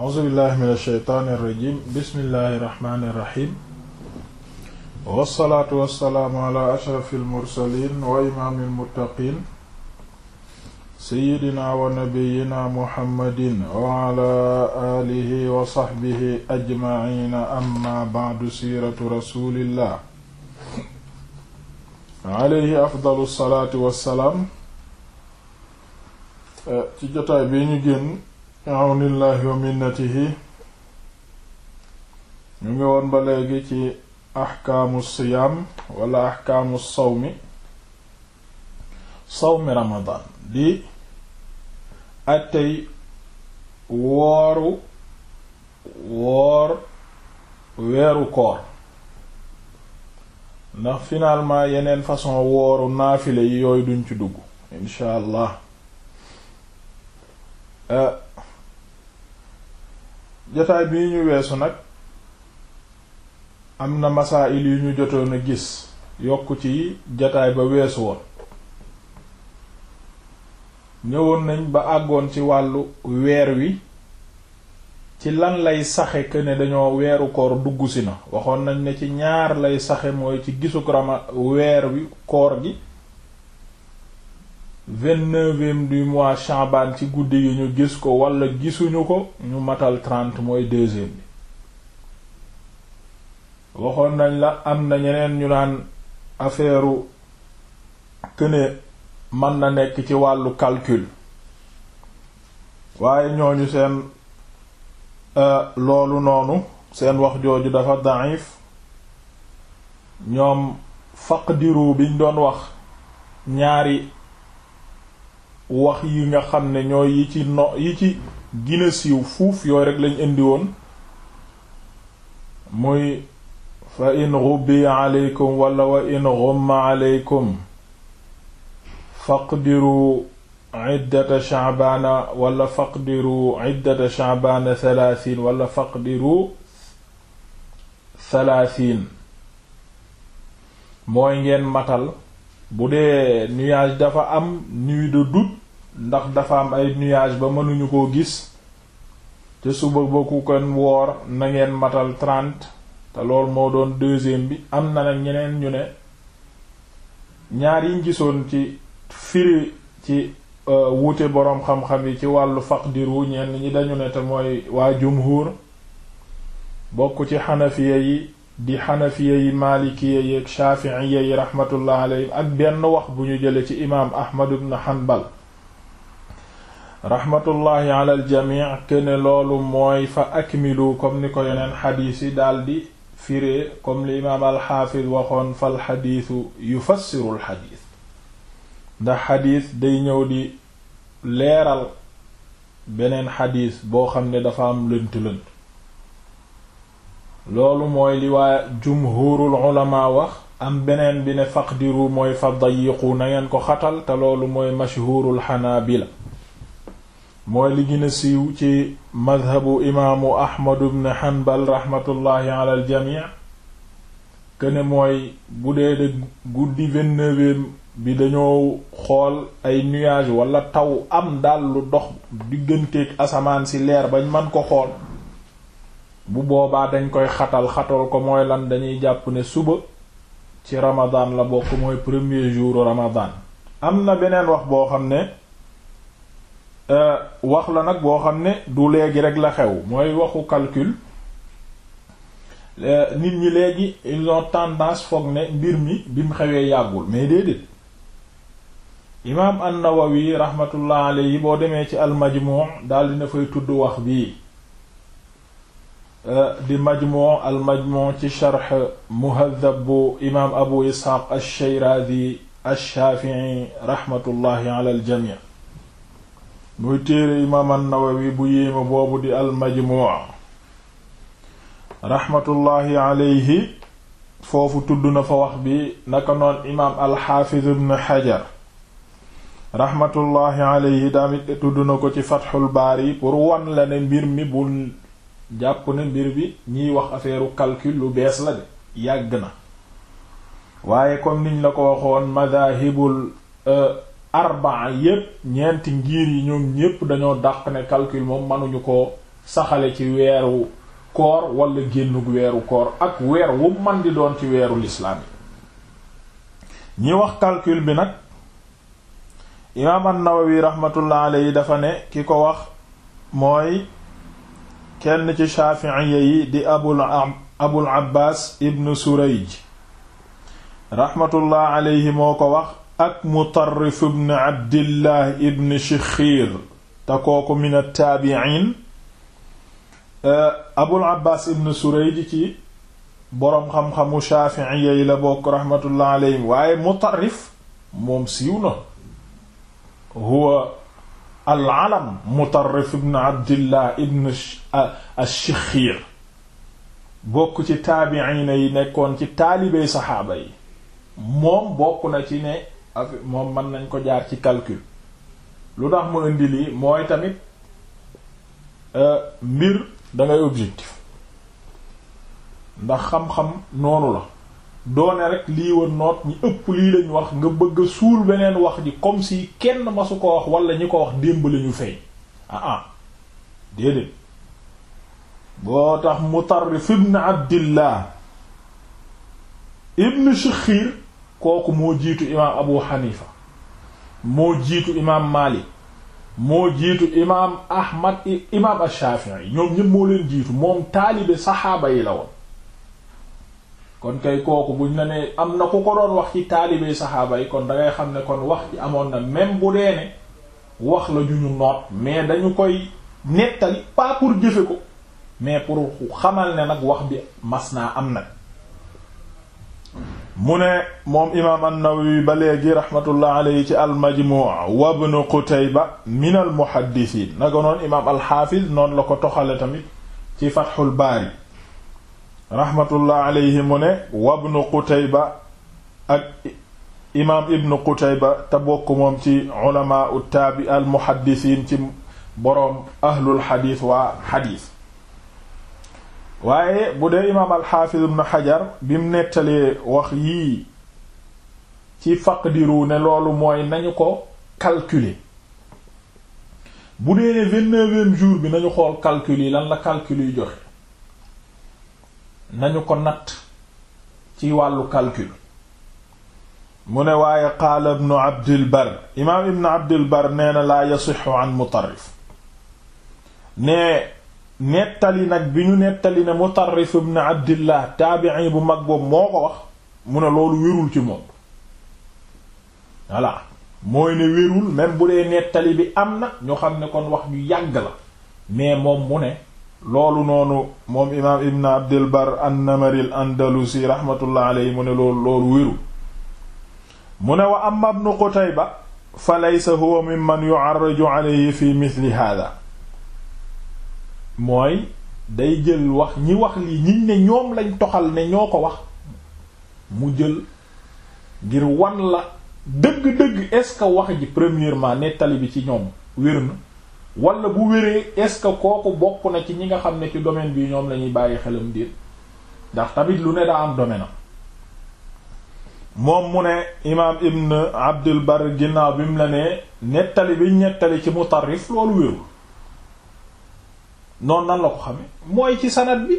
a'uuzu billahi min ashaytaani irrajim bismillahi irrahmani irrahim wassalaatu wassalaamu ala ashrafi almursalin wa imaami almuttaqin seyidina wa nabiyina muhammadin wa ala alihi wa saxbihi ajmaina amma baadu siiratu rasulillah alayhi afdalu salaatu wassalaam eh, ci jotaay bi ñu génn awnillahi wa minnatihi ñu ngi woon ba léegi ci axkaamu siyaam wala axkaamu sawmi sawmi ramadan di attey wooru woor weeru koor ndax finalement yeneen façon wooru naafile yi yooyu duñ ci dugg incha allah eh, jotaay bii ñu weesu nag am na masaayil yu ñu jotoon a gis yokku ci jotaay ba weesu woon ñëwoon nañ ba àggoon ci wàllu weer wi ci lan lay saxe que ne dañoo weeru koor dugg si na waxoon nañ ne ci ñaar lay saxe mooy ci gisu rama weer wi koor gi vingt-neuvième du mois Chaban ci guddi yi ñu gis ko walla gisuñu ko ñu matal trente mooy deuxième bi waxoon nañ la am na ñeneen ñu naan affaire këne mën na nekk ci wàllu calcul waaye ñooñu seen euh, loolu noonu seen wax jooju dafa daif ñoom faqdiru biñ doon wax ñaari wax yi nga xam ne ñooy yi ci no yi ci gina siiw fuuf yooyu rek lañ indi woon muy fa in ghubbiya aleykum wala wa in ghumma aleykum faqdiru iddata shaabaana wala faqdiru iddata shaabaana thalathin wala faqdiru thalathin mooy ngeen matal bu dee nuage dafa am nuit de ndax dafa am ay nuyage ba mënuñu koo gis te suba ba ku kon woor na ngeen matal trente te loolu moo doon deuxième bi am na nag ñeneen ñu ne ñaar yiñ gisoon ci firi ci euh, wuute boroom xam-xam yi ci wàllu wu ñenn ñi dañu ne te mooy waa jumhur bokk ci xanafiya yi di xanafiya yi maalikiya yi ak shaafiiya yi rahmatullah alayhim ak benn wax bu ñu jële ci imaam ahmad ibn hanbal raxmatullahi ala aljamic kene loolu mooy fa akmilu comme ni ko yeneen xadiis daldi firee comme li imaam alxaafis waxoon fal xadiisu yufassiru alxadiis ndax day ñëw di leeral beneen xadiis boo xam ne dafa am lënt-lënt loolu mooy li waa jumhuurul ulama wax am beneen bi ne faqdiru mooy fa dayiqu na ko xatal te loolu mooy mashhuurul xanaabila mooy li siiw ci madhabu imaamu ahmadu ibn hanbal rahmatullahi ala jamii këne mooy bu dee de guddi vingt bi dañoo xool ay nuage wala taw am daal lu dox digganteeg asamaan si leer bañ man ko xool bu boobaa dañ koy xatal xatal ko mooy lan dañuy jàpp ne suba ci ramadan la bokk mooy premier jour ramadan am na beneen wax boo xam ne Euh, wax la nag boo xam ne du léegi rek la xew mooy waxu calcul euh, nit ñi léegi ils ont tendance foog ne mbir mi bi xewee yàggul mais déedéet imaam an-Nawawi rahmatullah alayhi boo demee ci al-Majmu' daal dina fay tudd wax bii euh, di Majmu' al-Majmu' ci sharh Muhadhab bu imaam Abu Ishaq ash-Shirazi ash-Shafi'i rahmatullahi ala al-jami' muy téere imaam an-Nawawi bu yéema boobu di al-Majmuu raxmatullaahi aleyhi foofu tudd na fa wax bi naka noon imaam al-Xaafiz ibn Xajar raxmatullaahi aleyhi damit tudd na ko ci Fathul yi pour wan la mbir mi bu jàpp ne mbir bi ñiy wax affaireu calcul lu bees la de yàgg na waaye comme niñ la ko waxoon madahibul euh, arbaa yépp ñeenti ngir yi ñoom ñépp dañoo dàq ne calcul moom mënuñu ko saxale ci weeru koor wala génnug weeru koor ak weer wu man di doon ci weeru lislaam yi ñi wax calcul bi nag imaam an-Nawawi rahmatullah yi dafa ne ki ko wax mooy kenn ci shaafi'iyya yi di abul abul abbaas ibn surayj rahmatullah alayhi moo ko wax ak Mutarrif ibn Abdillah ibn Shikhir te kooku min at-taabi'iin eh, Abul Abbaas ibn Surayd ci boroom xam-xamu Shaafi'iyya yi la bokk rahmatullah alayhi waaye Mutarrif moom siiw na huwa al-alam Mutarrif ibn Abdillah ibn ash-Shikhir eh, bokk ci taabi'iin yi nekkoon ci taalibey saxaaba yi moom bokk na ci ne ak moom mën nañ ko jaar ci calcul lu tax mu indi lii mooy tamit euh, mbir dangay objectif ndax xam-xam noonu la doone rek lii wa noot ñi ëpp lii lañ wax nga bëgg a suul beneen wax ji comme si kenn masu ko wax wala ñi ko wax démb la ñu fay ah ah déedéet boo tax Mutarrif ibn Abdillah ibn Shikhir kooku moo jiitu imaam abu xanifa moo jiitu imaam malik moo jiitu imaam ahmad imaam yi ñoom ñëpp moo leen jiitu moom taalibe saxaaba yi la woon kon kay kooku buñ la ne am na ku ko doon wax ci taalibe saxaaba yi kon dangay xam ne kon wax ci amoon na même bu dee wax la ñu ñu noot mais dañu koy nettali pas pour jëfe ko mais pour xamal ne nag wax bi mas naa am nag mu ne moom imaam an-Nawawi ba léegi rahmatullah ci al-Majmuu' wa ibn Qutayba min al-muhaddisiin naka imaam al-Haafiz la ko toxale tamit ci Fathul Baari rahmatullah alayhi mu ne wa ibn Qutayba ak imaam ibn te bokk moom ci ulamaa u taabi al ci boroom ahlul xadiis waa xadiis waaye bu dee imaam alxaafiz ibn xajar bi mu nettalee wax yii ci faqdiru ne loolu mooy nañu ko calculer bu dee ne vingt-neuvième jour bi nañu xool calcul yi lan la calcul yu joxe nañu ko natt ci wàllu calcul mu ne waaye qaala ibnu abdil bar imaam ibnu abdil bar nee na laa yasixu an mutarrif ne nettali nag bi ñu nettali na Mutarrif ibn Abdillah taabi'i bu mag boobu moo ko wax mu ne loolu wérul ci moom voilà mooy ne wérul même bu dee nettali bi am na ñu xam ne kon wax ñu yàgg la mais moom mu ne loolu noonu moom imaam Ibn Abdil Bar namari al-Andalusi rahmatullah mu ne loolu loolu mu ne wa amma ibn Qutayba fa laysa huwa mimman yu'arraju alayhi fi mithli hadha mooy day jël wax ñi wax lii ñiñ ne ñoom lañ toxal ne ñoo ko wax mu jël ngir wan la dëgg-dëgg est-ce que wax ji premièrement nettali bi ci ñoom wér na bu wéree est-ce que kooku bokk na ci ñi nga xam ne ci domaine bi ñoom lañuy ñuy bàyyi xelam déet ndax tamit lu ne daa am domaine am moom mu ne imaam ibn abdul bar ginnaaw bi mu la ne nettali bi nettali ci mutarrif loolu wérul noonu nan la ko xame mooy ci sanad bi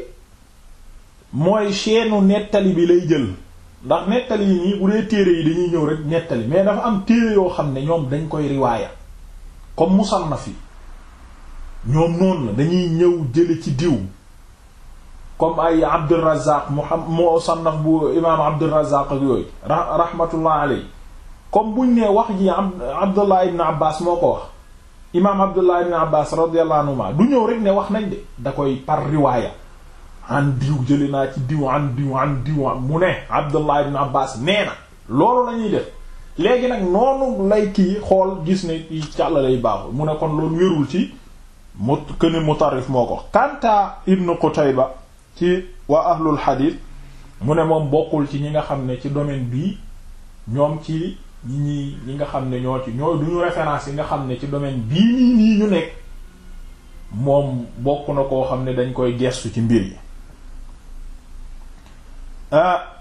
mooy seenu nettali bi lay jël ndax nettali yi nii bu dee téere yi dañuy ñëw rek nettali mais dafa am téere yoo xam ne ñoom dañ koy riwaaya comme musannaf yi ñoom noonu na dañuy ñëw jële ci diw comme ay Abdurrazzaq Muhammad musannaf bu imaam Abdurrazzaq ak yooyu rahmatullah alayhi comme buñ nee wax ji Abdullah ibn Abbas moo ko wax imaam abdullah ibn abbas radiyallahu anhuma du ñëw rek ne wax nañ de da koy par riwaaya an diw jële naa ci diw an diw an diw mu ne abdullah ibn abbas nee na loolu lañuy def léegi nag noonu lay kii xool gis ne càlla lay baaxul mu ne kon loolu wérul ci mut këni mutarrif moo ko kanta ibnu qutayba ci waa ahlul hadith mu ne moom bokkul ci ñi nga xam ne ci domaine bii ñoom ci ñi ñi ñi nga xam ne ñoo ci ñooy duñu référence yi nga xam ne ci domaine bii nii nii ñu nekk moom bokk na koo xam ne dañ koy gestu ci mbir yi ah,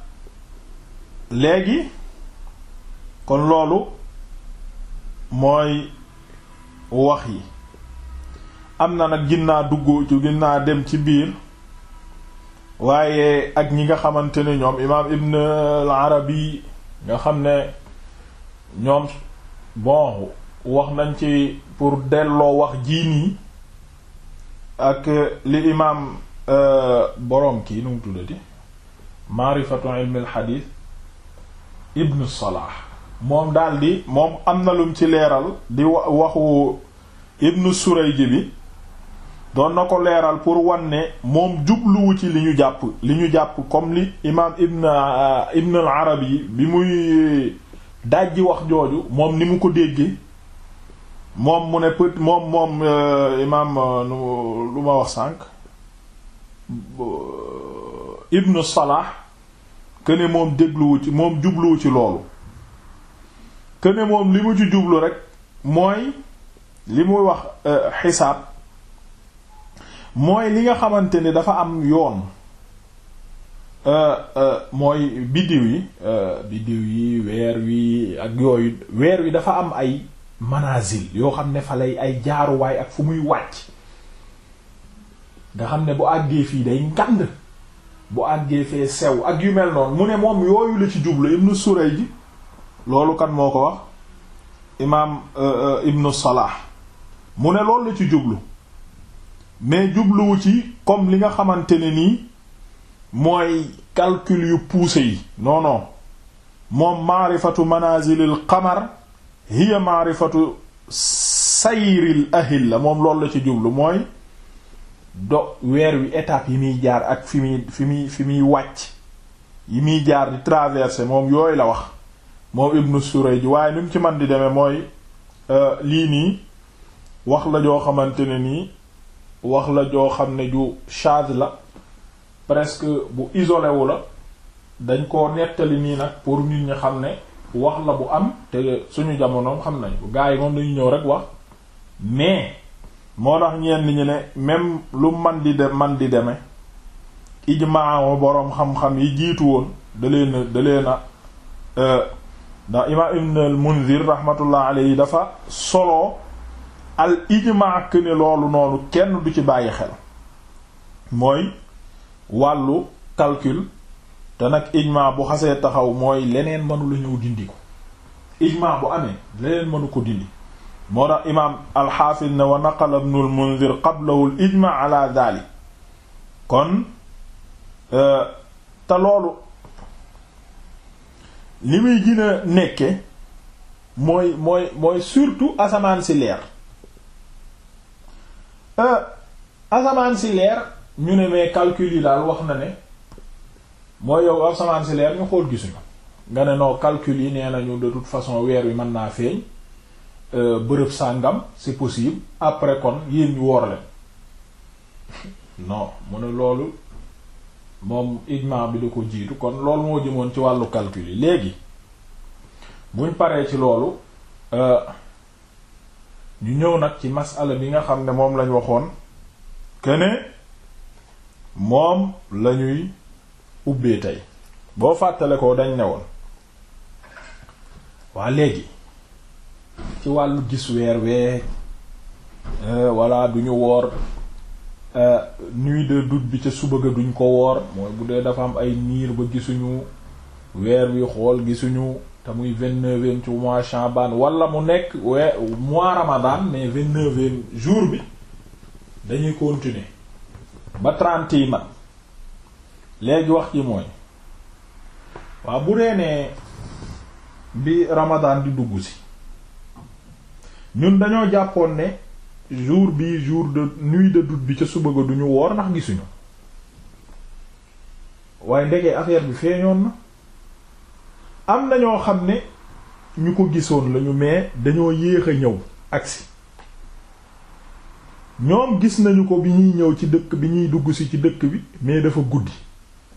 léegi kon loolu mooy wax yi am na nag naa dugg ci naa dem ci biir waaye ak ñi nga xamante ne ñoom imaam Ibn al nga xam ne ñoom bon wax nañ ci pour delloo wax jii nii ak li imaam euh, boroom kii nu mu tuddati maarifatu ilmil ibnu salaah moom daldi moom ci leeral di waxu ibnu surayji bi doon na ko leeral pour wan ne moom jubluwu ci li ñu jàpp li ñu jàpp comme li imaam ibn euh, ibn al arabi bi muy dajji wax jooju moom ni mu ko dégge moom mu ne peut moom moom euh, imaam euh, lu ma wax sànq euh, ibnu Salah que ne moom dégluwu ci moom jubluwu ci loolu que ne moom li mu ci jublu rek mooy li muy wax xisaab mooy li nga xamante ni dafa am yoon Euh, euh, mooy biddiw yi euh, biddiw yi weer wi ak yooyu weer wi dafa am ay manazil yoo xam ne fa lay ay jaaruwaay ak fu muy wàcc nga xam ne bu àggee fii day ngand bu àggee fee sew ak yu mel noonu mu ne moom yooyu la ci jublu ibnu suray ji loolu kan moo ko wax imaam ibnu salah mu ne loolu la ci jublu mais jubluwu ci comme li nga xamante ne nii mooy calcul yu poussé yi non non moom maarifatu manazilil qamar hiya maarifatu sayril la moom loolu la ci jublu mooy do weer wi étape yi muy jaar ak fi muy fi muy fi muy wàcc yi muy jaar di traversé moom yooyu la wax moom ibnu ji waaye ni mu ci man di demee mooy euh, lii nii wax la joo xamante ne nii wax la joo xam ne ju shaad la presque bu isolé la dañ koo nettali nii nag pour nit ñi xam ne wax la bu am te suñu jamonoom xam nañ ko gars yi moom dañu ñëw rek wax mais moo tax ñenn ñi ne même lu man di de man di demee ijmaa boroom xam-xam yi jiitu woon da leen da leen a euh, ndax imaam ibn al munzir rahmatullah alayhi dafa solo al ijmaa que ne loolu noonu kenn du ci bàyyi xel mooy wàllu calcul te nag ijmaa bu xasee taxaw mooy leneen mënu la ñëw dindi ko ijmaa bu amee leneen mënu ko dindi moo tax imaam alxaafis ne wa naqala ibnul munzir qablawul ijma ala dalik kon euh, te loolu li muy gën a nekke mooy mooy mooy surtout asamaan si leer euh, asamaan si leer ñu ne mais calcul yi daal wax na ne mooy yow asamaan si leer ñu xool gisuñu nga ne non calcul yi nee nañu de toute façon weer wi mën naa feeñ euh, bërëb sàngam c'est possible après kon yéen ñu woor no non mu ne loolu moom ijmaa bi du ko jiitu kon loolu moo jëmoon ci wàllu calcul yi léegi muñ paree ci loolu euh, ñu ñëw nag ci masala bi nga xam ne moom lañ waxoon que moom lañuy ubbee tey boo fàttale ko dañ ne woon waa léegi ci wàllu gis weer weeg euh, walla duñu woor euh, nuit de doute bi ca suba ga duñ ko woor mooy bu dee dafa am ay niir ba gisuñu weer wi xool gisuñu te muy vingt-neuvième ci mois Chaban wala mu nekk we mois Ramadan mais vingt-neuvième jour bi dañuy continuer ba trente yi mat léegi wax ji mooy waaw bu dee bi Ramadan di dugg si ñun dañoo jàppoon ne jour bi jour de nuit de bi ca suba ga duñu woor ndax gisuñu waaye ndege affaire bi feeñoon na am na ñoo xam ne ñu ko gisoon lañu mais dañoo yéex a ñëw agsi ñoom gis nañu ko bi ñuy ñëw ci dëkk bi ñuy duggsi ci dëkk bi mais dafa guddi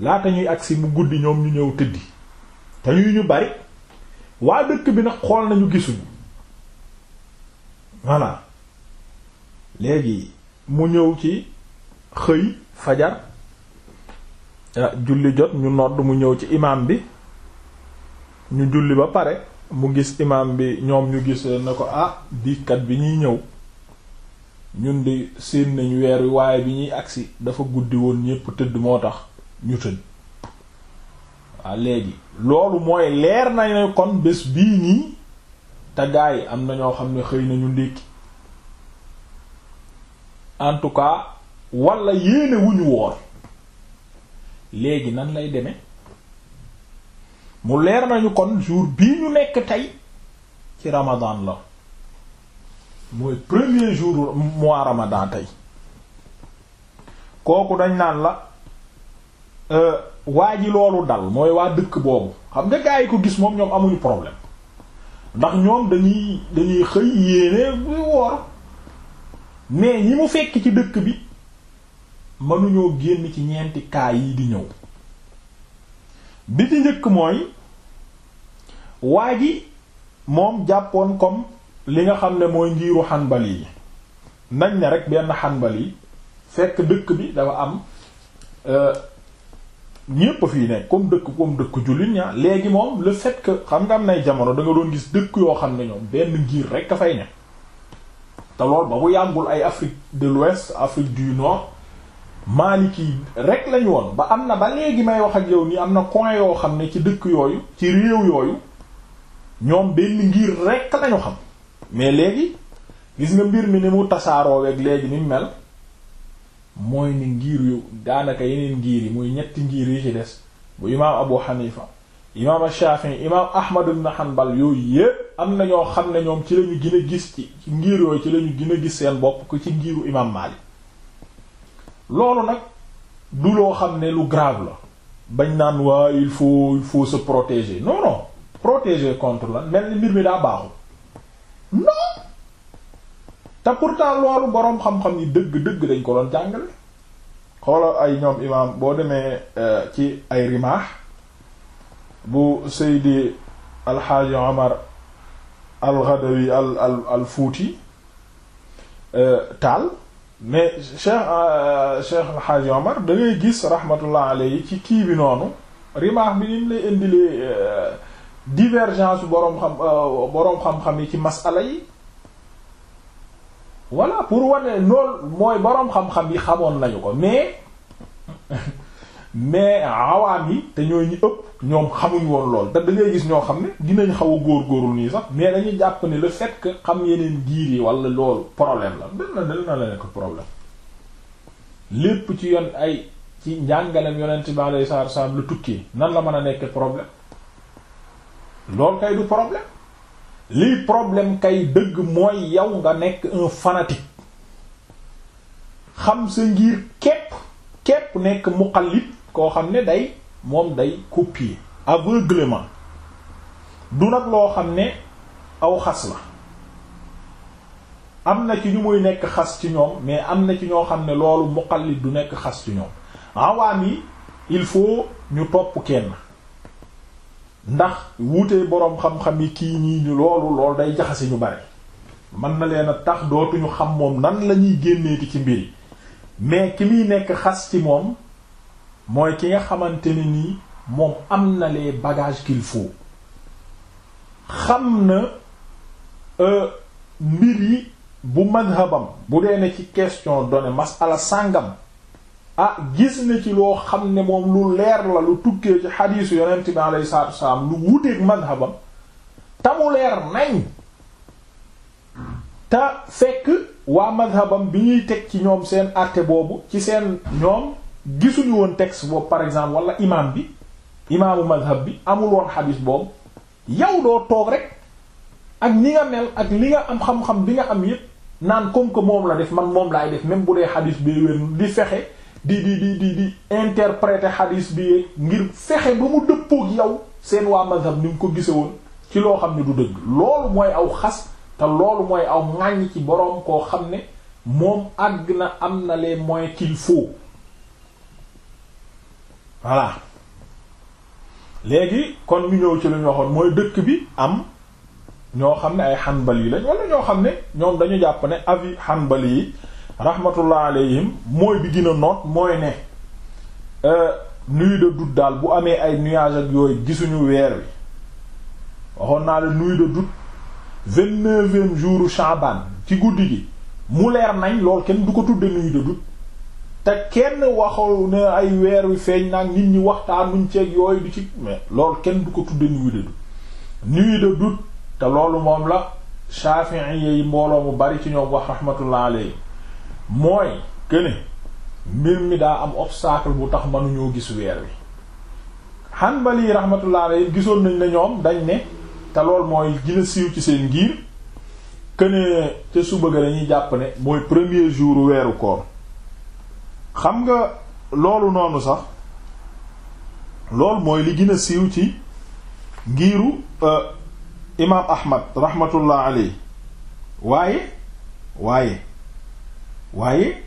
laata ñuy agsi bu guddi ñoom ñu ñëw tëddi te ñu ñu bari waa dëkk bi nag xool nañu gisuñu voilà léegi mu ñëw ci xëy fajar ah, julli jot ñu nodd mu ñëw ci imam bi ñu julli ba pare mu gis imam bi ñoom ñu gis na ko ah dikat bi ñuy ñëw ñun de seen nañ weer wi waaye bi ñuy agsi dafa guddi woon ñépp tëdd moo tax ñu tëdd waaw léegi loolu mooy leer nañu kon bés bii nii te gaa yi am na ñoo xam ne xëy nañu ndékki en tout cas walla yéene wu woor léegi nan lay deme mu leer nañu kon jour bii ñu nekk tey ci Ramadan la mooy premier jour mois ramadan tey kooku dañ naan la euh, waa ji loolu dal mooy waa dëkk boobu xam nga gars yi ko gis moom ñoom amuñu problème ndax ñoom dañuy dañuy xëy yéene bu woor mais ñi mu fekk ci dëkk bi mënuñoo génn ci ñeenti cas yi di ñëw bi di njëkk mooy waa ji moom jàppoon comme li nga xam ne mooy ngiiru xanbal yi nañ na rek benn xanbal yi fekk dëkk bi dafa am euh, ñépp fii ne comme dëkk comme dëkk jullit ñaa léegi moom le fait xam nga am nay jamono da doon gis dëkk yoo xam ne ñoom benn ngiir rek a fay ne ay Afrique de l'Ouest Afrique du Nord Maliki rek lañu woon ba am na ba léegi may wax ak yow nii am na coin yoo xam ne ci dëkk yooyu ci réew yooyu ñoom benn ngir rekk lañu xam mais léegi gis nga mbir mi ni mu tasaarooweeg léegi ni mel mooy ni ngir yu daanaka yeneen ngir yi muy ñetti ngiir yi ci des bu imaam Abu Hanifa imaam Shafi'i imaam Ahmad ibn Hanbal yooyu yépp am na ñoo xam ne ñoom ci lañu gën gis ci ngiir yooyu ci lañu gën a gis seen bopp ko ci ngiru imaam Maalik loolu nag du loo xam ne lu grave la bañ naan waa il faut il faut se protéger non non protéger contre la mel ni mbir mi daa baaxu non te pourtant loolu boroom xam-xam yi dëgg-dëgg dañ ko doon jàngale xoolal ay ñoom imaam boo demee euh, ci ay rimaax bu Seydi alxaaji Omar al-Ghadawi al al al Fuuti euh, taal mais Cheikh euh, Cheikh alxaaji Omar da gis rahmatullah alayhi ci kii bi noonu rimaax bi ni lay indilee. divergence boroom xam euh, boroom xam-xam yi ci masala yi voilà pour wane lool mooy boroom xam-xam yi xamoon nañu ko mais mais awaam yi te ñooy ñu ëpp ñoom xamuñ woon lool te da ngay gis ñoo xam ne dinañ xaw a góor-góorlu nii sax mais dañuy jàpp ne le fait que xam yeneen giir yi wala loolu problème la dal na dal na la nekk problème lépp ci yoon ay ci njàngalem yonent bi alayhi salaatu wa salaam la tukkee nan la mën a nekk problème loolu kay du problème lii problème kay dëgg mooy yow nga nekk un fanatique xam sa ngir képp képp nekk muqallid koo xam ne day moom day copier aveuglement du nag loo xam ne aw xas la am na ci ñu muy nekk xas ci ñoom mais am na ci ñoo xam ne loolu muqallid du nekk xas ci ñoom awaam yi il faut ñu topp kenn ndax wuutee boroom xam-xam yi kii ñii ñu loolu loolu day jaxase ñu bari mën na leen a tax dootuñu xam moom nan la ñuy génneeti ci mbir yi mais ki muy nekk xas ci moom mooy ki nga xamante ne nii moom am na les bagages qu'il xam na euh, mbir yi bu madhabam bu dee ne ci question donnée masala sàngam ah gis na ci loo xam ne moom lu leer la lu tukkee ci xadiisu yonent bi alayhi salaatu wasalaam lu wuteeg madhabam te mu leer nañ te fekk waa madhabam bi ñuy teg ci ñoom seen arte boobu ci seen ñoom gisuñu woon texte boobu par exemple wala imaam bi imaamu madhab bi amul woon xadiis boobu yow doo toog rek ak ni nga mel ak li nga am xam-xam bi nga am yépp naan comme que moom la def man moom laay def même bu dee xadiis bee wér di fexe di di di di di interpréter xadiis bi ngir fexe ba mu dëppook yow seen waa mazhab ni mu ko gisewoon ci loo xam ne du dëgg loolu mooy aw xas te loolu mooy aw ŋàññ ci boroom koo xam ne moom àgg na am na les moyens qu'il faut voilà léegi kon ñu ñëw ci lu ñu waxoon mooy dëkk bi am ñoo xam ne ay xanbal yi lañ wala ñoo xam ne ñoom dañu jàpp ne avis xanbal yi rahmatullah alayhim mooy bi gën a noot mooy ne euh, nuit de daal bu amee ay nuages ak yooyu gisuñu weer wi waxoon naa la nuit vingt-neuvième jouru Chaban ci guddi gi mu leer nañ lool kenn du ko tudde nuit te kenn waxul ne ay weer wi feeñ nag nit ñi waxtaanuñ ceeg yooyu du ci mais lool kenn du ko tudde nuit de te loolu moom la Shafi'i yi mbooloo mu bari ci ñoom wax rahmatullah alayhi mooy këne mbir mi daa am obstacle bu tax mënuñoo gis weer wi Hanbali rahmatullah alayhi gisoon nañ ne ñoom dañ ne te lool mooy gina siiw ci seen giir këne ca suba ga dañuy jàpp ne mooy premier jour weeru koor xam nga loolu noonu sax loolu mooy li gina siiw ci ngiiru euh, imaam Ahmad rahmatullah alayhi waaye waaye waaye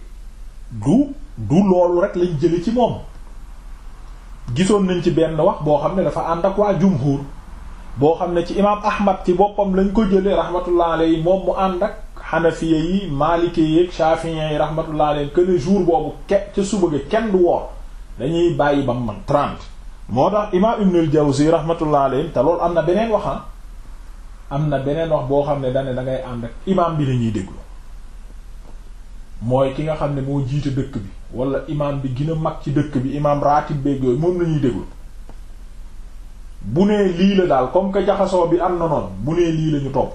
du du loolu rek lañ jële ci moom gisoon nañ ci benn wax boo xam ne dafa ànd ak waa jumhur boo xam ne ci imaam ahmad ci boppam lañ ko jële rahmatullah alayhi moom mu ànd ak xanafiya yi maalike yeeg shafiya yi rahmatullah alayhi que ne jour boobu ke ca suba ga kenn du woor dañuy bàyyi ba man trente moo tax imaam ibn al jawzi rahmatullah te loolu am na beneen wax ah. am na beneen wax boo xam ne dane da ngay ànd ak imaam bi la ñuy déglu mooy ki nga xam ne moo jiite dëkk bi wala imaam bi gën a mag ci dëkk bi imaam raatib beeg yooyu moom la ñuy déglu bu nee lii la daal comme que jaxasoo bi am na noonu bu nee lii la ñu topp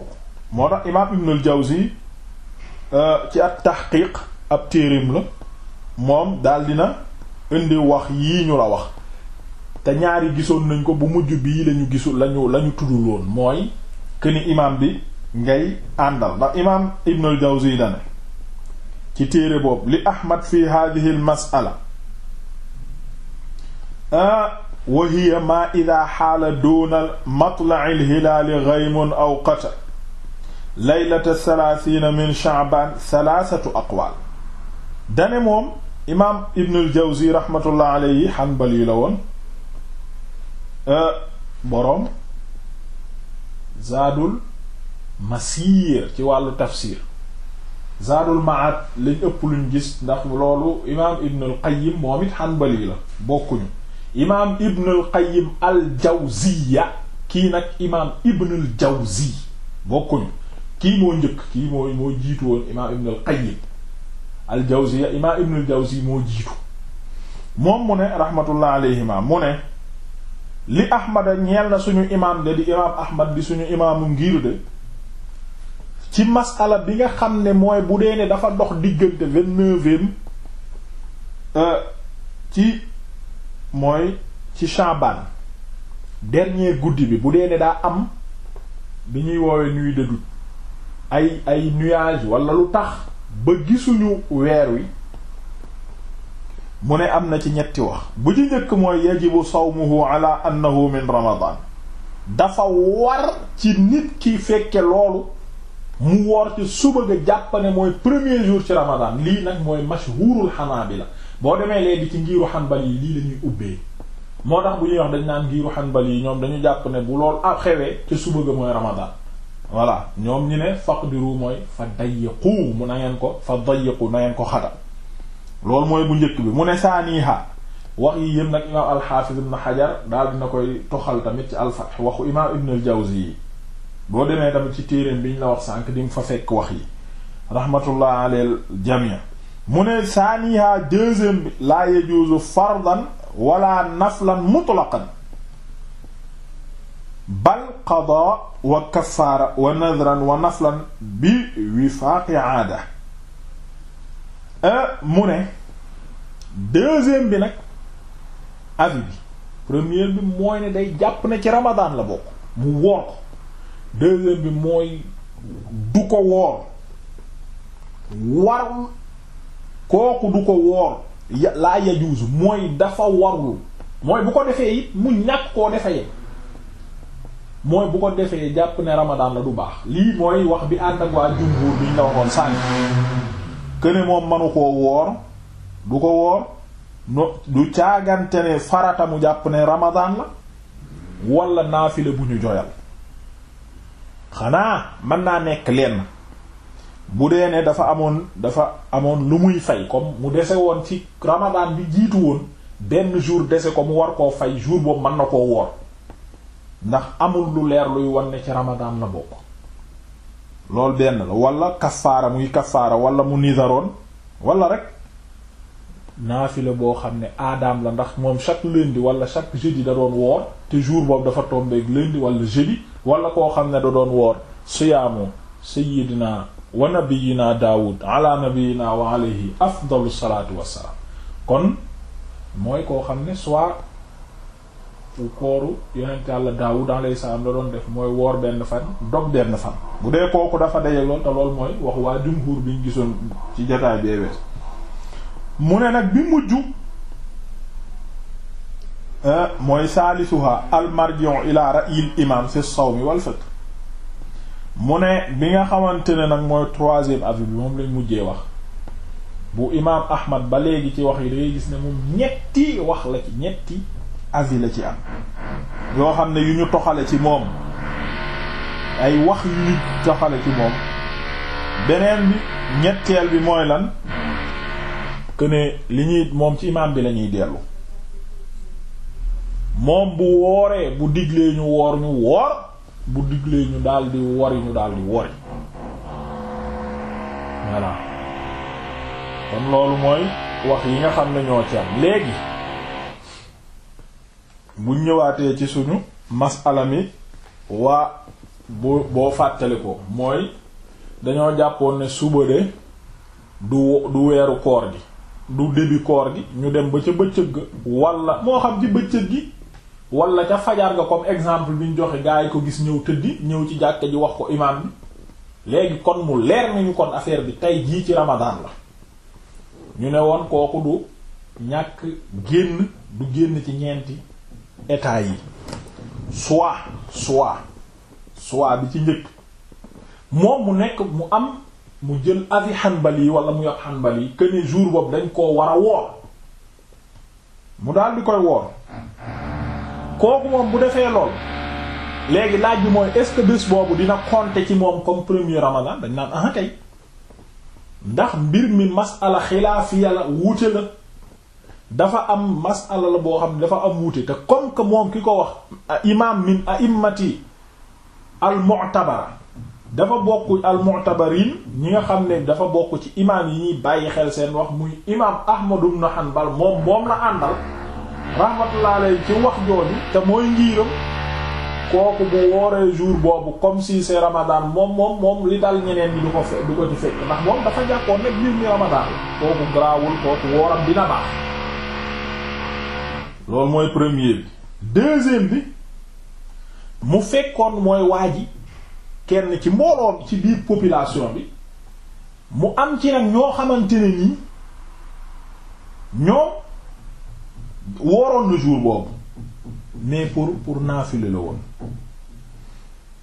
moo tax imaam Ibn euh, ci at tahqiq ab téereem moom daal dina indi wax yii ñu wax te ñaari gisoon nañ ko bu mujj bii lañu gisul lañu la mooy que imaam bi ngay àndal ndax imaam Ibn jawzi dane ci téere boobu li ahmad fi hadhihi al mas'ala ah, wa hiya ma ida xaala duna matlaci lhilaali gaymun aw qatar leylata salaasiina min chaaban salaasatu aqwaal dane moom imaam ibnul jawzi rahmatullah aleyhi xanbal yi la woon ah, boroom zaadul masiir ci wàllu tafsir Zaadul Ma'ad lañ ëpp luñ gis ndax loolu imaam Ibn qayyim moom it Hanbali la bokkuñu imaam Ibn qayyim al kii nag imaam Ibn al-Jawzi bokkuñu kii moo njëkk kii moo moo jiitu woon imaam Ibn qayyim al imaam Ibn jawzi moo jiitu moom mu ne rahmatullah alayhima mu ne li Ahmad ñeel na suñu imaam de di imaam Ahmad di suñu imaamu ngir de. ci masala bi nga xam ne mooy bu dee ne dafa dox diggante vingt euh, ci mooy ci Chaban dernier guddi bi bu dee ne daa am bi ñuy woowee nuit de ay ay nuage wala lu tax ba gisuñu weer wi mu ne am na ci ñetti wax bu ci njëkk mooy yajibu sawmuhu ala annahu min ramadan dafa war ci nit kiy fekke loolu mu woor ci suba ga jàpp mooy premier jour ci ramadan lii nag mooy mashhurul hanabila boo demee léegi ci ngiiru hanbali yi lii la ñuy ubbee moo tax bu ñuy wax dañ naan ngiiru hanbali yi ñoom dañu jàpp ne bu lool a ah xewee ca suba ga mooy ramadan voilà ñoom ñi ne faqdiru mooy fa dayyiqu mu na ngeen ko fa dayyiqu na ko xatal loolu mooy bu njëkk bi mu ne saaniha wax yi yëpp nag imaam alxaafiz ibn xajar daal dina koy toxal tamit ci alfath waxu imaam ibn al boo demee dama ci téeréem bi ñu la wax sànk di nga fa fekk wax yi rahmatullah alal jamii mu ne saaniha deuxième bi laa yajuuzu fardan wala naflan mutlaqan bal qadaa wa kafaara wa nadran wa naflan bi wifaaqi aada euh, mu ne deuxième bi nag avis bi bi mooy ne day jàpp ne ci ramadan la bokk mu woor deuxième bi mooy du ko woor warul kooku du ko woor laa yajuusu mooy dafa warul mooy bu ko defee it mu ñàkk koo defee mooy bu ko defee jàpp ne Ramadan la du baax lii mooy wax bi ànd ak waa jumbuur bi ñu la waxoon sànni këne moom manu koo woor du ko woor no du caagante ne farata mu jàpp ne Ramadan la wala naafile bu ñu joyal xanaa mën naa nekk lenn bu dee ne dafa amoon dafa amoon lu muy fay comme mu dese woon ci ramadan bi jiitu woon benn jour dese ko mu war koo fay jour boobu mën na koo woor ndax amul lu leer luy won ne ci ramadan la bokk loolu benn la wala kafaara muy kafaara wala mu nidaroon wala rek naafila boo xam ne aadaam la ndax moom chaque lundi wala chaque jeudi da doon woor te jour boobu dafa tombeeg lundi wala jeudi wala koo xam ne da doon woor siyaamu sayyidina wa nabiyina daawud ala nabiyina wa alayhi afdalu salaatu wassalaam kon mooy koo xam ne soit u kooru yonent yàlla daawud alayhi salaam la doon def mooy woor benn fan dog benn fan bu dee kooku dafa daje lool te lool mooy wax waa jumhuur bi gisoon ci jotaay bee wees mu ne nag bi mujj Euh, mooy saalisuha almarjiu ila ra'yil imam fi sawmi wal fiqh mu ne bi nga xamante ne nag mooy troisième avis bi moom lañ mujjee wax bu imaam ahmad ba léegi ci wax yi da gis ne moom ñetti wax la ci ñetti avis la ci am yoo xam ne yu ñu toxale ci moom ay wax yu ñu toxale ci moom beneen bi ñetteel bi mooy lan que ne li ñuy moom ci imaam bi la ñuy dellu moom bu wooree bu diglee ñu woor ñu woor bu diglee ñu daldi wori ñu daldi wori voilà kon loolu mooy wax yi nga xam ne ñoo ci léegi bu ñëwaatee ci suñu masala mi waa bu boo fàttali ko mooy dañoo jàppoon ne suba de du du weeru koor gi du début koor gi ñu dem ba ca bëccëg walla moo xam ci bëccëg gi wala ca fajar nga comme exemple bi ñu joxe gaa yi ko gis ñëw tëddi ñëw ci jàkka ji wax ko imaam bi léegi kon mu leer nañu kon affaire bi tey jii ci ramadan la ñu ne woon kooku du ñàkk génn du génn ci ñeenti état yi soit soit soit bi ci njëkk moom mu nekk mu am mu jël avis Hanbali wala mu yor Hanbali que ne jour boobu dañ koo war a woor mu daal di koy woor kooku moom bu defee lool léegi laaj bi mooy est-ce que bés boobu dina compter ci moom comme premier ramadan dañ naan ah kay ndax mbir mi masala xilaafiya la wuute la dafa am masala la boo xam ne dafa am wuute te comme que moom ki ko wax imam min a'immati al mu'tabara dafa bokk al mu'tabarin ñi nga xam ne dafa bokk ci imam yi ñuy bàyyi xel seen wax muy imam ahmad ibn hanbal moom moom la àndal rahmatullah alayhi ci wax jooju te mooy ngiiram kooku bu wooree jour boobu comme si c'est ramadan moom moom moom li dal ñeneen ñi du ko fe du ko ci fekk ndax moom dafa jàppoon nag mbir mi ramadan la kooku garaawul kooku wooram dina baax loolu mooy premier bi deuxième bi mu fekkoon mooy waa ji kenn ci mbooloo ci biir population bi mu am ci nag ñoo xamante nii ñoom wooroon na jour boobu mais pour pour naafile la woon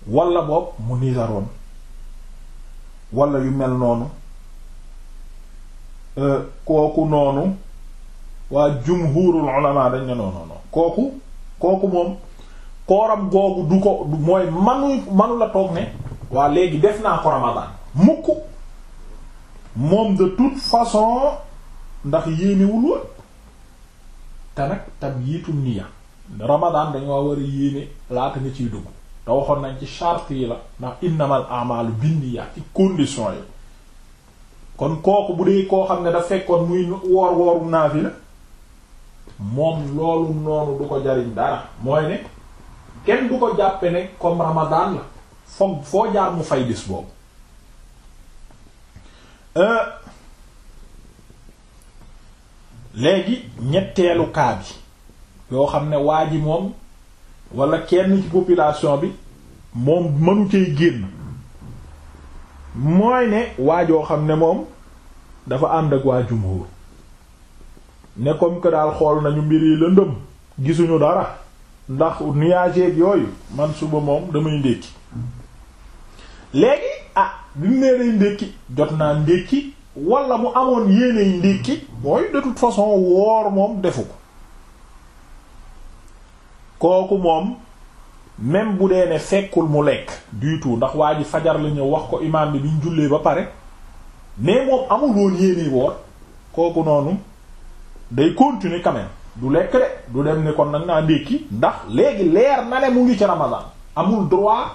wala boobu mu nisaroon wala yu mel noonu euh, kooku noonu waa jumhurul ulama dañ ne non kooku kooku moom kooram googu du ko mooy manu manu la toog ne waa léegi def naa ko Ramadan mukk moom de toute façon ndax yéenewul woon te nag tabyiitu niyya Ramadan dañoo war a yéene laata nga ciy dugg te waxoon nañ ci charte yi la ndax innamal a'malu binniyat ci condition yi kon kooku bu dee koo xam ne da fekkoon muy woor wooru naafi la moom loolu noonu du ko jariñ dara mooy ne kenn du ko jàppe ne comme Ramadan la foog foo jaar mu fay bis boobu euh, léegi ñetteelu cas bi yoo xam ne waa ji moom walla kenn ci population bi moom mënu cay génn mooy ne waa joo xam ne moom dafa ànd ak waa jumhur ne comme que daal xool nañu mbir yi lëndëm gisuñu dara ndax nuage yooyu man suba moom damay ndékki léegi ah bi mu nee ndékki jot naa ndékki wala mu amoon yéeney ndékki mooy de toute façon woor moom defu ko kooku moom même bu dee ne fekkul mu lekk du ndax waa ji fajar la ñëw wax ko imaam bi biñ jullee ba pare mais moom amul woon yéeney woor kooku noonu day continue quand du lekk de du dem ne kon nag naa ndékki ndax léegi leer na ne mu ngi ci ramadan amul droit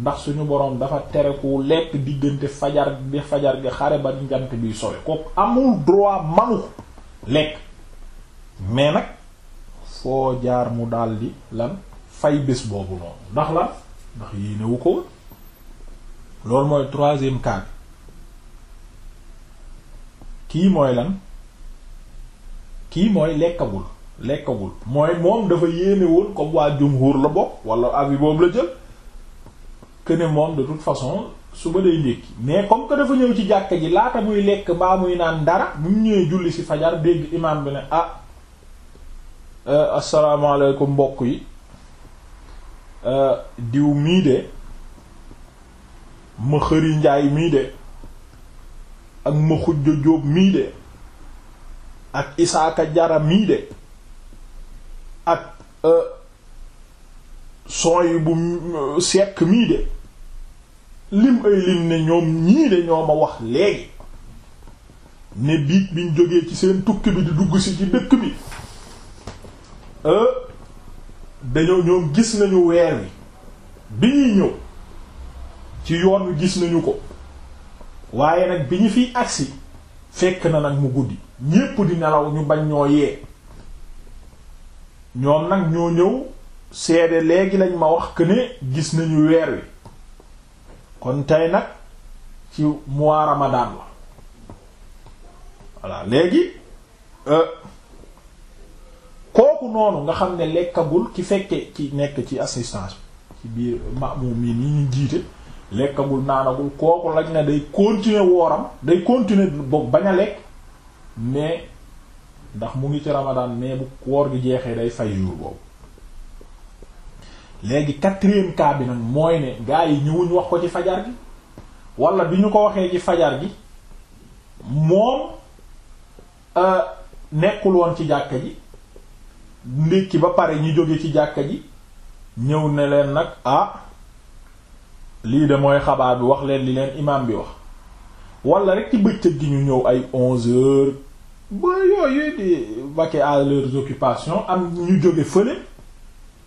ndax suñu boroom dafa tere ku lekk diggante fajar bi fajar gi xare ba njant biy sowe kooku amul droit manu lekk mais nag foo jaar mu daldi lan fay bés boobu noonu ndax la ndax yéene ko loolu mooy troisième cas kii mooy lan kii mooy lekkagul lekkagul mooy moom dafa yéene woon comme waa jumhur la bokk wala avis boobu la jël que ne moom de toute façon suba day ndékki mais comme que dafa ñëw ci jàkka ji laata muy lekk mbaa muy naan dara bu mu ñëwee julli si fajar dégg imaam bi ne ah euh, asalaamaaleykum mbokk yi euh, diw mii de ma njaay mii de ak ma xujja jóob mii de ak isaaka jara mii de ak euh, son yi bu sekk mii de lim ay lim ne ñoom ñii de ñoo ma wax léegi ne bi biñ jógee ci seen tukki bi di dugg si ci dëkk bi euh, dañoo ñoom gis nañu weer wi bi ñuy ñëw ci yoon gis nañu ko waaye nag bi ñu fiy agsi fekk na nag mu guddi ñépp di nelaw ñu bañ ñoo yee ñoom nag ñoo ñëw seede léegi lañ ma wax que gis nañu weer wi kon tey nag ci mois Ramadan la voilà léegi euh, kooku noonu nga xam ne lekkagul ki fekke ki nekk ci assistance ci biir maamum yi ni ñu jiite lekkagul naanagul kooku lañ ne day continuer wooram day continuer boog bañ a lekk mais ndax mu ngi ci Ramadan mais bu woor gi jeexee day fay jour boobu léegi quatrième cas bi mooy ne gaa yi ñëwuñ wax ko ci fajar gi wala bi ñu ko waxee ci fajar gi moom euh, nekkul woon ci jàkka ji ndékki ba pare ñu jóge ci jàkka ji ñëw ne leen nag ah lii de mooy xabaar bi wax leen li leen imaam bi wax wala rek ci bëccëg gi ñu ñëw ay onze heures ba yooyu di vaquer à leurs occupations am ñu jóge fële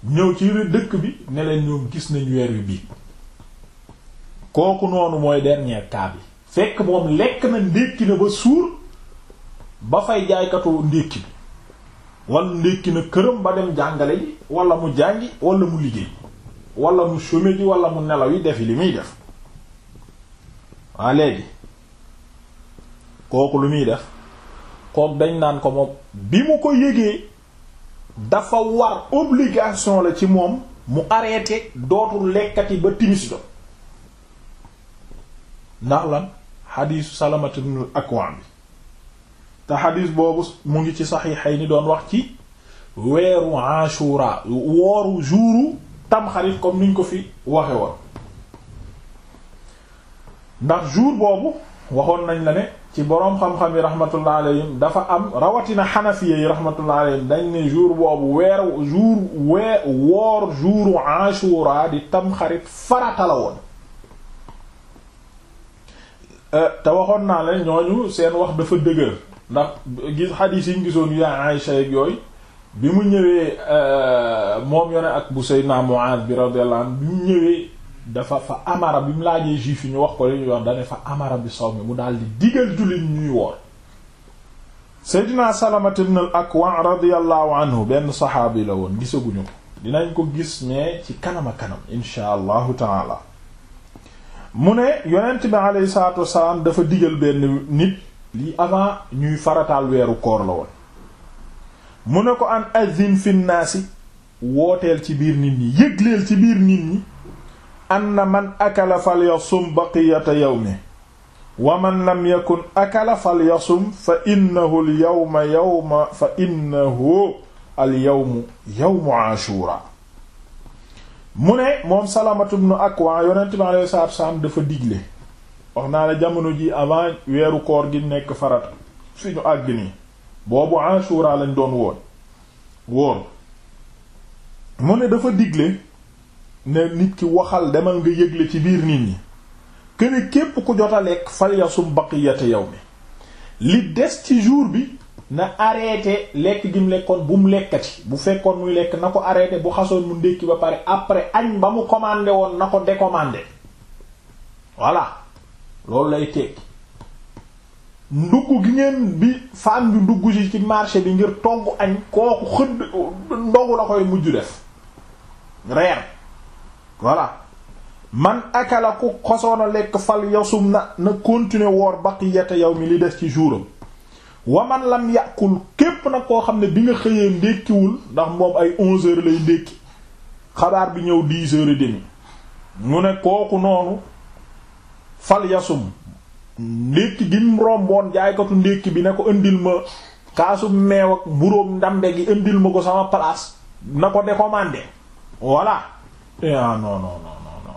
ñëw ci dëkk bi ne leen ñoom gis nañ weer wi biig kooku noonu mooy dernier cas bi fekk moom lekk na ndékki na ba suur ba fay jaaykatu ndékki bi wala ndékki na këram ba dem jàngale ji wala mu jàngi wala mu liggéey wala mu chômer ji wala mu nelaw yi defi li muy def waa léegi kooku lu muy def kook dañ naan ko moom bi mu ko yëgee dafa war obligation la ci moom mu arrêté dootul lekkati ba timis do ndax lan xadiisu salamat ibn akwan bi te xadiis boobu mu ngi ci saxiixay ni doon wax ci weeru ashura wooru juuru tamxarit comme niñ ko fi waxe woon ndax jour boobu waxoon nañ la ne ci boroom xam-xam yi rahmatullah alayhim dafa am rawatina xanafiya yi rahmatullah alayhim dañ ne jour boobu weer jour wee woor jouru ashura di tamxarit farata la woon euh, te waxoon naa leen ñooñu seen wax dafa dëgër ndax gis xadiis yi ñu gisoon yaa Aysa yooyu bi mu ñëwee euh, moom yone ak bu Seydina Muaaz bi radiyallahu anhu bi mu ñëwee dafa fa amara bi mu laajee juif yi ñu wax ko li ñuy wax fa amara bi saw mi mu daal di digal jullit ñuy woor seydina salamat ak al akwa radiallahu anhu benn saxaabi la woon gisaguñu ko dinañ ko gis mais ci kanama kanam insha taala mu ne yonent bi aleyhi salatu wasalaam dafa digal benn nit lii avant ñuy farataal weeru koor la woon mu ne ko an azin fin naasi wooteel ci biir nit ñi yëgleel ci biir nit ñi anna man akala falyasum baqiyata yawmi wa man lam yakun akala falyasum fa innahu alyawma yawma yawmu ashura mu ne moom salamatu bnu ak yonent dafa digle wax naa la jamono ji avant weeru koor gi nekk farata suñu àgg nii boobu ashura lañ doon woon woon mu ne dafa digle ne nit ki waxal demal nga yëgle ci biir nit ñi këne képp ku jot a lekk falyasum baqiyata yawmi li des ci jour bi na arrêté lekk gi mu lekkoon bu mu lekkati bu fekkoon muy lekk na ko arrêté bu xasoon mu ndékki ba pare après añ ba mu commandé woon na ko décommandé voilà loolu lay tekki ndugg gi ngeen bi femme bi dugg si ci marché bi ngir togg añ kooku xëdd ndogu la koy mujj def reer voilà man akala ku xosoon a lekk fal yasum na na continuer woor baqiyata yow mi li des ci jouram man lam yàqul képp nag koo xam ne bi nga xëyee ndékkiwul ndax moom ay onze heures lay ndékki xabaar bi ñëw dix heures et demi mu ne kooku noonu fal yasum ndékki gi mu romboon jaaykatu ndékki bi ne ko indil ma kaasu meew ak buróom ndambe gi indil ma ko sama place na ko décommandé voilà Eh, ah non non non non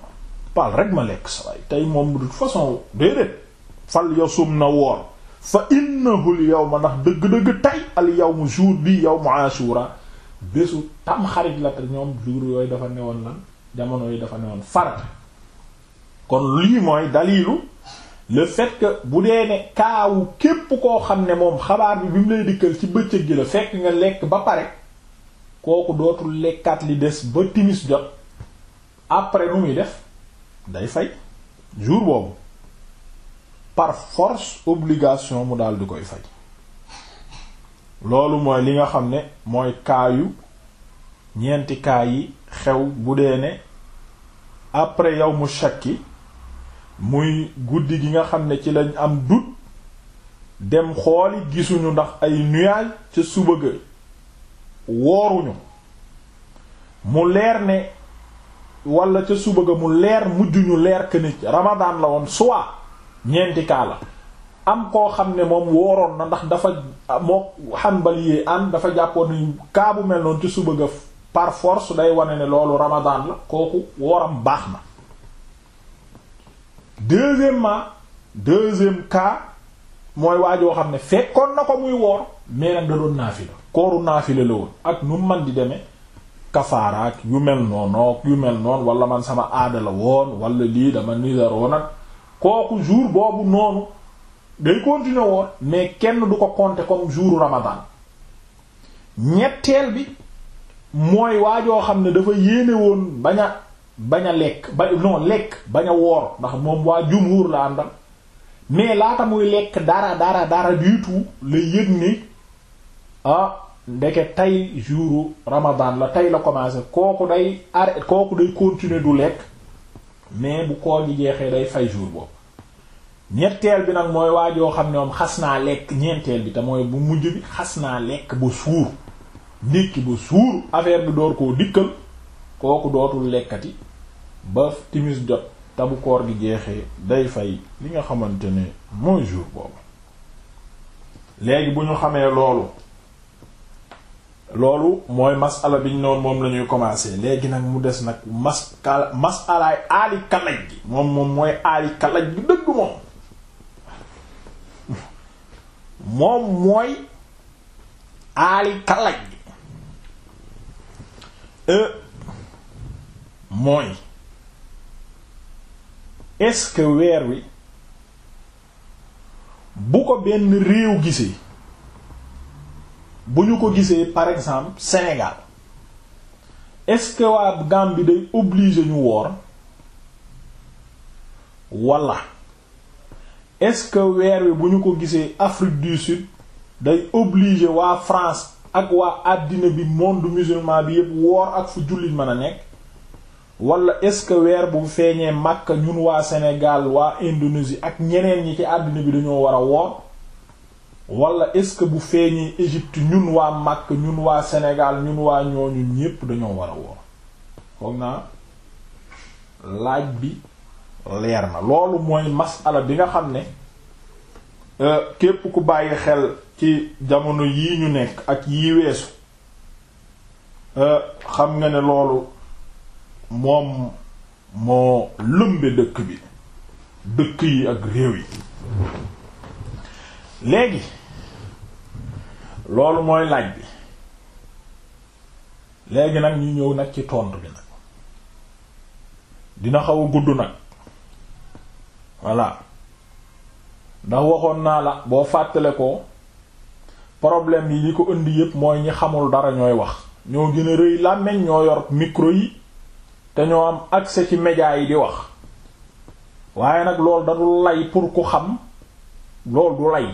paal rek ma lekk saway tey moom de toute façon déedéet fal yasum na woor fa innahu l yawma ndax dëgg-dëgg tey al yawm jour bi yawmu ashura bésu tam xarit la te ñoom jour yooyu dafa newoon lan jamono yi dafa newoon farat kon lii mooy dalilu le fait que bu dee ne kaawu képp koo xam ne moom xabaar bi bi mu lay dikkal ci bëccëg gi la fekk nga lekk ba pare kooku dootul lekkaat li des ba timis jot après nu muy def day fay jour boobu par force obligation mu daal koy fay loolu mooy li nga xam ne mooy kaayu ñeenti kaay yi xew bu dee ne après yow mu shakki muy guddi gi nga xam ne ci lañ am dut dem xooli gisuñu ndax ay nuage ca suba ga wooruñu mu leer ne wala ca suba ga mu leer mujj ñu leer que ni Ramadan la woon soit ñeenti kaa la am koo xam ne moom wooroon na ndax dafa ah, moo Hanbali yee an dafa jàppoon ni kaa bu mel noonu ca suba ga par force day wane ne loolu Ramadan la kooku wooram baax na. deuxièmement deuxième cas mooy waajoo xam ne fekkoon na ko muy woor mais nag da doon naafila kooru naafila la woon ak nu man di demee. kafaaraak yu mel noonook yu mel noon wala man sama aada la woon dama nisaroon ak kooku jour boobu noonu day continuer woon mais kenn du ko compter comme jour ramadan ñetteel bi mooy waajoo xam ne dafa yéene woon bañ a bañ lekk ba lekk bañ a woor ndax moom waa jumhur la àndal mais laata muy lekk dara dara dara du la yëg ni ah ndeke tey jour ramadan la tey la commencé kooku day arrêté kooku day continuer du lekk mais bu koor gi jeexee day fay jour boobu ñetteel bi nag mooy waa joo xam ne moom xas naa lekk ñeenteel bi te mooy bu mujj bi xas naa lekk bu suur ndékki bu suur affaire bi door koo dikkal kooku dootul lekkati ba timis jot te bu koor gi jeexee day fay li nga xamante ne mooy jour boobu léegi bu ñu xamee loolu loolu mooy masala biñ noonu moom lañuy ñuy léegi nag mu des nag mas masalaay aali kalaj moom moom mooy aali kalaj gi dëgg moom moom mooy aali kalaj gi e, mooy est wi bu ko benn réew gisee bu ñu ko gisee par exemple Sénégal est-ce que waa Gambie day obligé ñu woor walla est-ce que weer wi bu ñu ko gisee Afrique du Sud day obligé waa France ak waa àddina bi monde musulman bi yépp woor ak fu jullit mën a nekk walla est-ce que weer bu feeñee Makka ñun waa Sénégal waa Indonésie ak ñeneen ñi ci àddina bi dañoo war a woor wala est-ce que bu feeñee Égypte ñun waa Makk ñun waa Sénégal ñun waa ñooñu ñépp dañoo war a woor foog naa laaj bi leer na loolu mooy masala bi nga xam ne euh, képp ku bàyyi xel ci jamono yii ñu nekk ak yii weesu euh, xam nga ne loolu moom moo lëmbe dëkk bi dëkk yi ak réew yi léegi loolu mooy laaj bi léegi nag ñu ñëw nag ci tontu bi nag dina xaw a gudd nag voilà ndax waxoon naa la boo fàttale ko problème yi li ko indi yépp mooy ñi xamul dara ñooy wax ñoo gën a rëy làmmiñ ñoo yor micro yi te ñoo am accès ci médias yi di wax waaye nag loolu dadul lay pour ku xam loolu du lay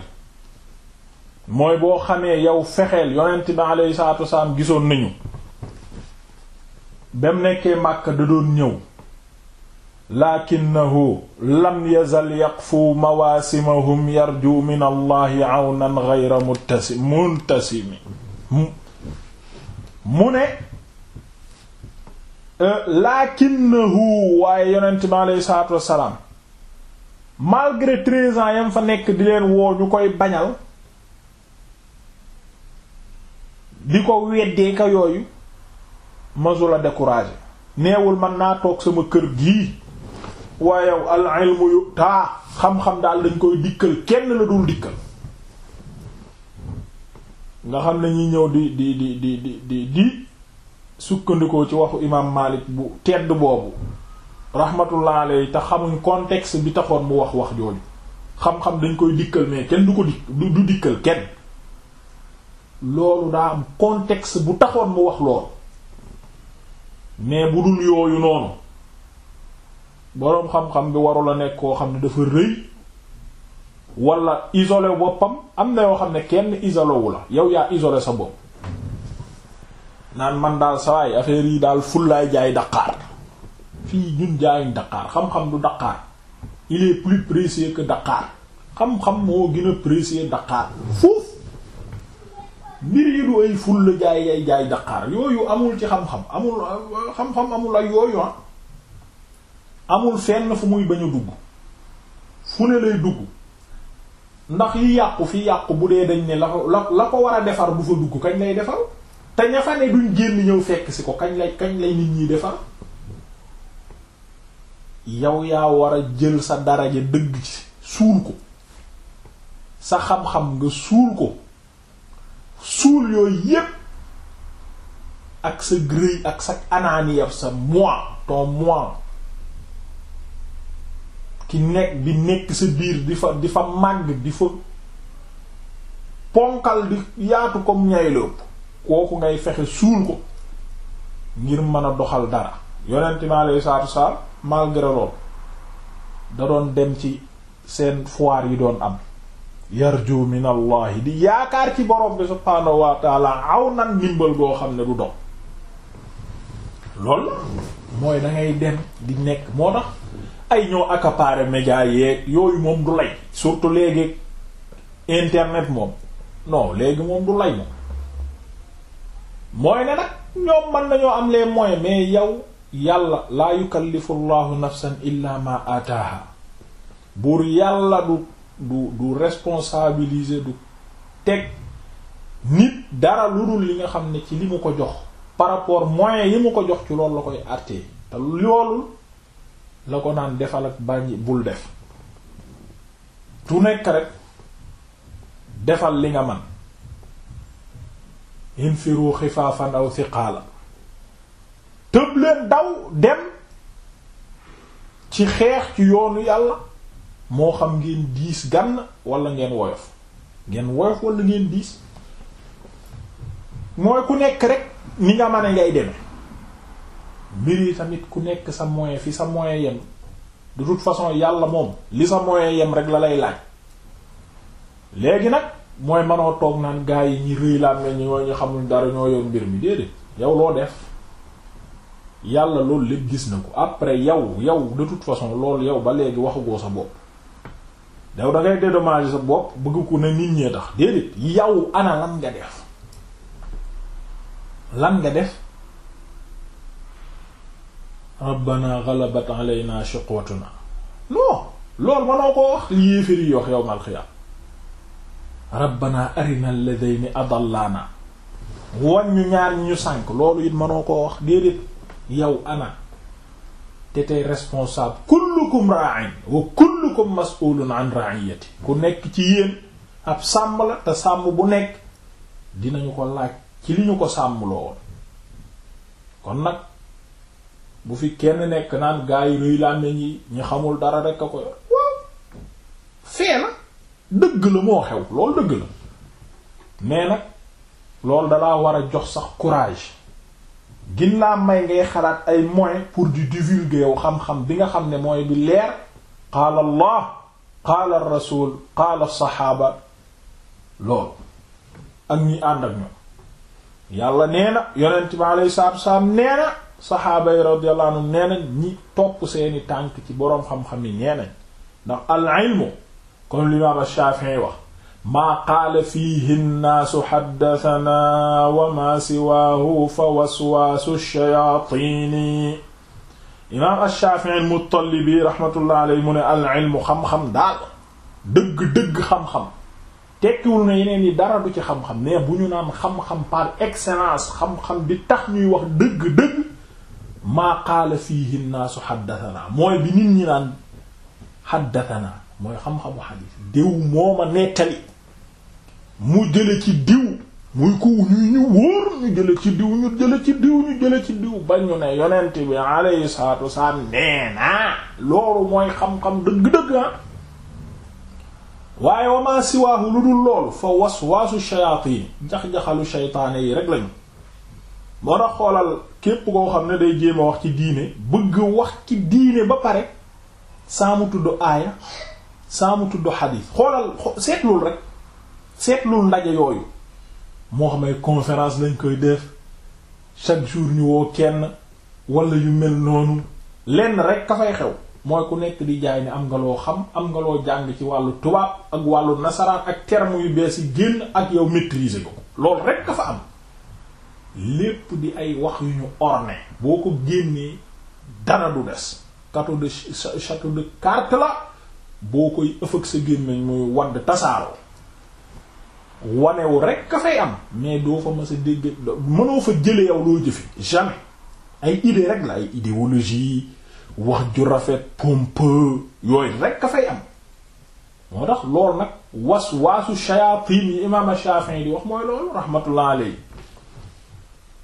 mooy boo xamee yow fexeel yonent bi alayhi salaatu wasalaam gisoon nañu ba mu nekkee Màkka da doon ñëw lakinnahu lam yazal yaqfu mawaasimahum yarju min allahi awnan ghayra muttasi muntasimi mu ne euh, lakinnahu waaye yonent bi alayhi salaatu wasalaam malgré treize ans yam fa nekk di leen woo ñu koy bañal di ko weddee ka yooyu masula découragé neewul man naa toog sama kër gii waaye al ilmu yu taa xam-xam daal dañ koy dikkal kenn la dul dikkal nga xam ne ñëw di di di di di di di sukkandikoo ci waxu imaam Maalik bu tedd boobu rahmatullah alayhi te xamuñ contexte bi taxoon mu wax wax jooju xam-xam dañ koy dikkal mais kenn du ko di du dikkal kenn loolu daa am contexte bu taxoon mu wax loolu mais bu dul yooyu noonu boroom xam-xam bi warul a nekk koo xam ne dafa rëy wala isolé boppam am na yoo xam ne kenn isolé wu la yow yaa isole sa bopp naan man daal sawaay affaire yi daal fullaay jaay daqaar fii ñun jaayuñ daqaar xam-xam du Dakar il est plus précieux que xam-xam moo gën a précieux daqaar foofu mbir yi du ay ful jaay jaay daqaar yooyu amul ci xam-xam amul xam-xam amul ay yooyu ah. amul fenn fu muy bañ a dugg fu ne lay dugg ndax yi yàqu fi yàqu bu dee dañ ne la la la ko war a defar bu fa dugg kañ lay defar te ña fa ne duñ génn ñëw fekk si ko kañ lay kañ lay nit ñiy defar yow yaa war a jël sa daraja dëgg ci suul ko sa xam-xam nga suul ko suul yépp ak sa grëy ak sa anaaniya sa moi ton moi ki nekk bi nekk sa biir di fa di fa màgg di fa ponkal di yaatu comme ñay lépp kooku ngay fexe suul ko ngir mën a doxal dara yonent mi alayhi salaatu salaam malgré da doon dem ci seen foire yi doon am yarju min allahi di yaakaar ci borom bi subhaanahu aw nan ndimbal boo xam ne du dox loolu mooy da dem di nekk moo tax ay ñoo accaparer média yeeg yooyu moom du lay surtout léegi internet moom no léegi moom du lay moom mooy ne nag ñoom mën nañoo am les moyens mais yow yàlla laa yukallifu llahu nafsan illa ma ataaha buur yàlla du du du responsabiliser du teg nit dara lu dul li nga xam ne ci li mu ko jox par rapport moyen yi mu ko jox ci loolu la koy artee te loolu la ko naan defal ak bañ bul def tu nekk rek defal li nga man infiru xifaafan aw siqaala tëb leen daw dem ci xeex ci yoonu yàlla moo xam ngeen diis gànn wala ngeen woyof ngeen woyof wala ngeen diis mooy ku nekk rek ni nga mën ngay deme mbir yi tamit ku nekk sa moyen fi sa moyen yem de toute façon yàlla moom li sa moyen yem rek la lay laaj léegi nag mooy manoo toog naan gaa yi ñi rëy laan ne ñoo ñu xamul dara ñoo yoon mbir mi déedéet yow loo def yàlla loolu lépp gis na ko après yow yow de toute façon loolu yow ba léegi waxagoo sa bopp daw da ngay dédommager sa bopp bëgg ko nit ñee tax déedéet yow ana lan nga def lan nga def rabbana ghalabat alayna shiqwatuna non loolu manoo ko wax li yéefér yi wax yowmal xiyaam rabbana arina alladhayni adallana waññu ñaar ñu sànk loolu it mënoo koo wax déedéet yow ana te tey responsable kullukum ra'in wa kullukum mas'ulun an ra'iyati ku nekk ci yéen ab sàmm la te sàmm bu nekk dinañu ko laaj ci li ñu ko sàmm loo kon nag bu fi kenn nekk naan gaa yi rëy làmmiñ yi ñi xamul dara rekk a ko yor waaw fee la dëgg la moo xew loolu dëgg la mais nag loolu dalaa war a jox sax courage gin laa may ngay xalaat ay moyens pour di divulguer yow xam-xam bi nga xam ne mooy bi leer qaala allah qaala rasul qaala saxaaba loolu ak ñi ànd ak ñoom yàlla nee na yonent bi alayhi salaatu wasalaam nee na saxaaba yi radiyallahu anhum nee nañ ñi topp seeni tànk ci boroom xam-xam yi nee nañ ndax al ilmu kon l'imam Shafi'i wax maa qaala fiihi nnaasu xaddatanaa wa maa siwaahu fa waswaasu shayaatiini imaam ashaafi'i almuttalibi raxmatullahi alayhi mu ne alilmu xam-xam daal dëgg-dëgg xam-xam tekkiwul na yeneen yi dara du ci xam-xam mais bu ñu naan xam-xam par excellence xam-xam bi tax ñuy wax dëgg-dëgg maa qaala fiihi nnaasu xaddatanaa mooy bi nit ñi naan xaddatanaa mooy xam-xamu xadiis déw moo ma nettali mu jële ci diw muy ko ñu ñu wóor ñu jële ci diw ñu jële ci diw ñu jële ci diw ba ne yonent bi alayhi salaatu wasalaam nee na loolu mooy xam-xam dëgg-dëgg ah waaye wamaa siwaahu lu dul loolu fa waswaasu shayatin jax-jaxalu shaytaane yi rek lañu moo tax xoolal képp koo xam ne day jéem a wax ci diine bëgg wax ci diine ba pare saa mu tudd aaya saa mu tudd xadiis xoolal seetlu rek seetlu ndaje yooyu moo xam ne conférence lañ koy def chaque jour ñu woo kenn walla yu mel noonu lenn rek ka fay xew mooy ku nekk di jaay ne am nga loo xam am nga loo jàng ci wàllu tubaab ak wàllu nasaraan ak termes yu bees yi génn ak yow maîtriser ko loolu rek ka fa am lépp di ay wax yu ñu orné boo ko génnee dara du des château de château de carte la boo koy ëffëg sa gémmiñ muy wadd tasaaroo wanewu rek ka fay am mais doo fa mës a dégg mënoo fa jële yow loo jëfe jamais ay idée rek la ay idéologie wax ju rafet pompeux yooyu rek ka fay am moo tax loolu nag was waasu shayatin yi imaam Shafi'i di wax mooy loolu rahmatullah alayhi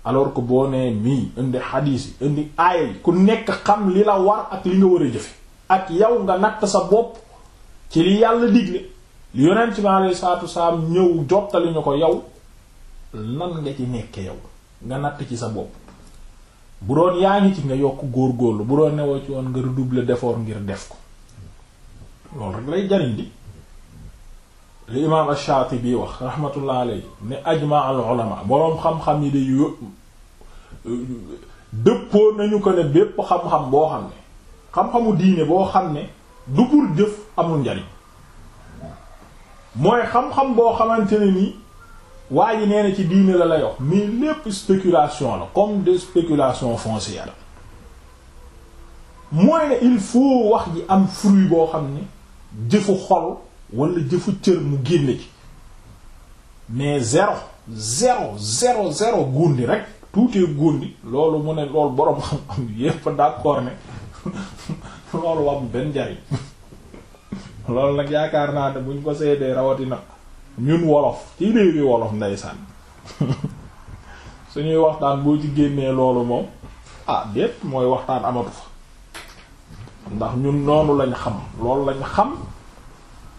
alors que boo nee nii indi xadiis indi aaya yi ku nekk xam li la war ak li nga war a jëfe ak yow nga natt sa bopp ci li yàlla digle yonent bi saatu saam wasalaam ñëw jottali ñu ko yow nan nga ci nekke yow nga natt ci sa bopp bu doon yaa ngi ci nga yokk góorgóorlu bu doon newoo ci woon nga duble d'effort ngir def ko loolu rek lay jariñ di li imaam ash-Shaatibi wax rahmatullah alayhi ne ajma al ulama boroom xam-xam yi de yu dëppoo nañu ko ne bépp xam-xam boo xam ne xam-xamu diine boo xam ne du jëf amul njariñ mooy xam-xam boo xamante ne ni waa ji nee na ci diine la lay wax mais lépp spéculation la comme de spéculation foncière mooy ne il faut wax ji am fruit boo xam ne jëfu xol wala jëfu cër mu génn ci mais zéro zéro zéro zéro gundi rek tuutee gundi loolu mu ne loolu boroom xam-xam yépp d'accord ne loolu wam benn njariñ loolu nag yaakaar naa ne buñ ko seedee rawatina ñun wolof ci réewi wolof ndeysaan suñuy waxtaan boo ci génnee loolu moom ah déet mooy waxtaan amatu fa ndax ñun noonu lañ xam loolu lañ xam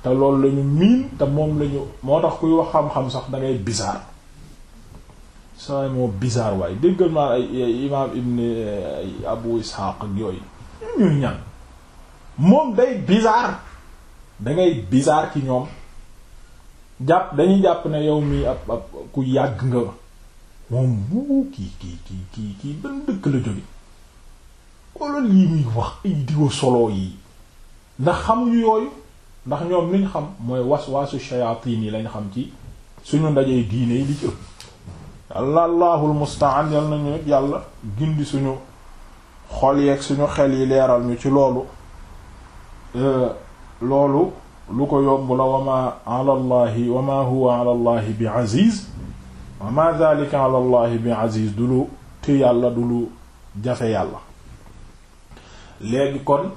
te loolu lañu miin te moom lañu moo tax kuy wax xam-xam sax da ngay bizarre saa moo bizarre waaye déggal maa ay imaam ibn ay abu ishaq yooyu ñuy ñan moom day bizarre dangay bizarre ci ñoom jàpp dañuy jàpp ne yow mii ab ab ku yàgg nga moom bu kii kii kii kii kii ban dëkk la jóge walla lii muy wax ay diwa solo yi ndax xamuñu yooyu ndax ñoom liñ xam mooy waswaasu shayatin yi lañ xam ci suñu ndajee diine yi di ci ëpp yàlla allahul musta'an yal nañu nit yàlla gindi suñu xol yeeg suñu xel yi leeral ñu ci loolu euh, loolu lu ko yomb la wama ala llahi wama huwa ala llahi bi aziz wama dhalika ala llahi bi aziz du lu te yàlla du lu jafe yàlla léegi kon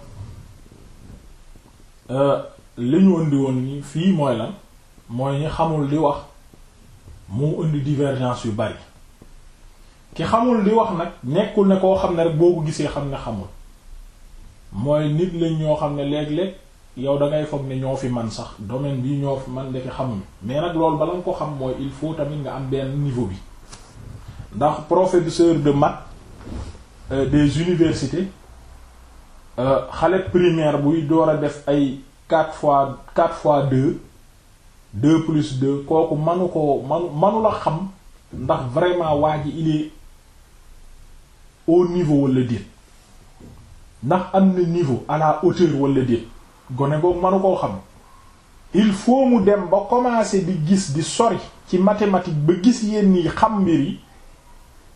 euh, li ñu indi woon ni fii mooy lan mooy ñi xamul di wax mu indi divergence yu bari ki xamul di wax nag nekkul ne koo xam ne rek boo ko gisee xam ne xamul mooy nit lañ ñoo xam ne léeg-léeg yow da ngay foog ne ñoo fi man sax domaine bi ñoo fi man ndeke xamuñu mais nag loolu bala nga ko xam mooy il faut tamit nga am benn niveau bi ndax professeur de maths euh, des universités euh, xale euh, buy door a def ay quatre fois quatre fois deux deux plus deux kooku manu ko manu manu la xam ndax vraiment waa ji il est au niveau ndax am na niveau à la hauteur gone goog manu koo xam il faut mu dem ba commencer bi gis di sori ci mathématique ba gis yenn yi xam mbir yi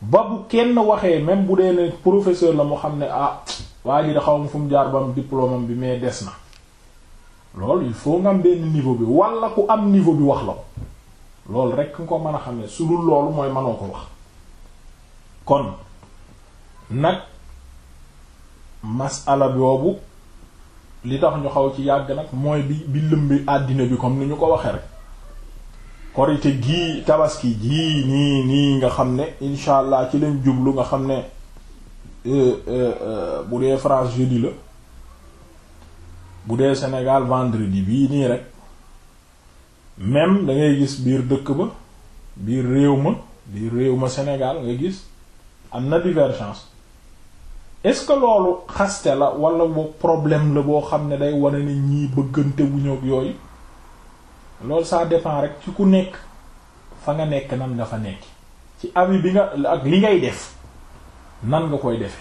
ba bu kenn waxee même bu dee ne professeur la mu xam ne ah waa ji da xaw fu mu jaar ba am diplôme bi mais des na loolu il faut nga am benn niveau bi wala ku am niveau bi wax la ko loolu rek nga ko mën a xam ne su dul loolu mooy mënoo ko wax kon nag masala boobu li tax ñu xaw ci yàgg nag mooy bi bi lëmbi àddina bi comme ni ñu ko waxee rek korite gii tabaski gii nii nii nga xam ne incha allah ci leen jublu nga xam ne euh, euh, euh, bu dee France jeudi la bu dee Sénégal vendredi bii nii rek même dangay gis biir dëkk ba biir réew ma biir réew ma Sénégal nga gis am na divergence est-ce que loolu xaste la walla boo problème la boo xam ne day wane ni ñii bëggante wu ñëw yooyu loolu ça dépend rek ci ku nekk fa nga nekk nan nga fa nekk ci avis bi nga ak li ngay def nan nga koy defe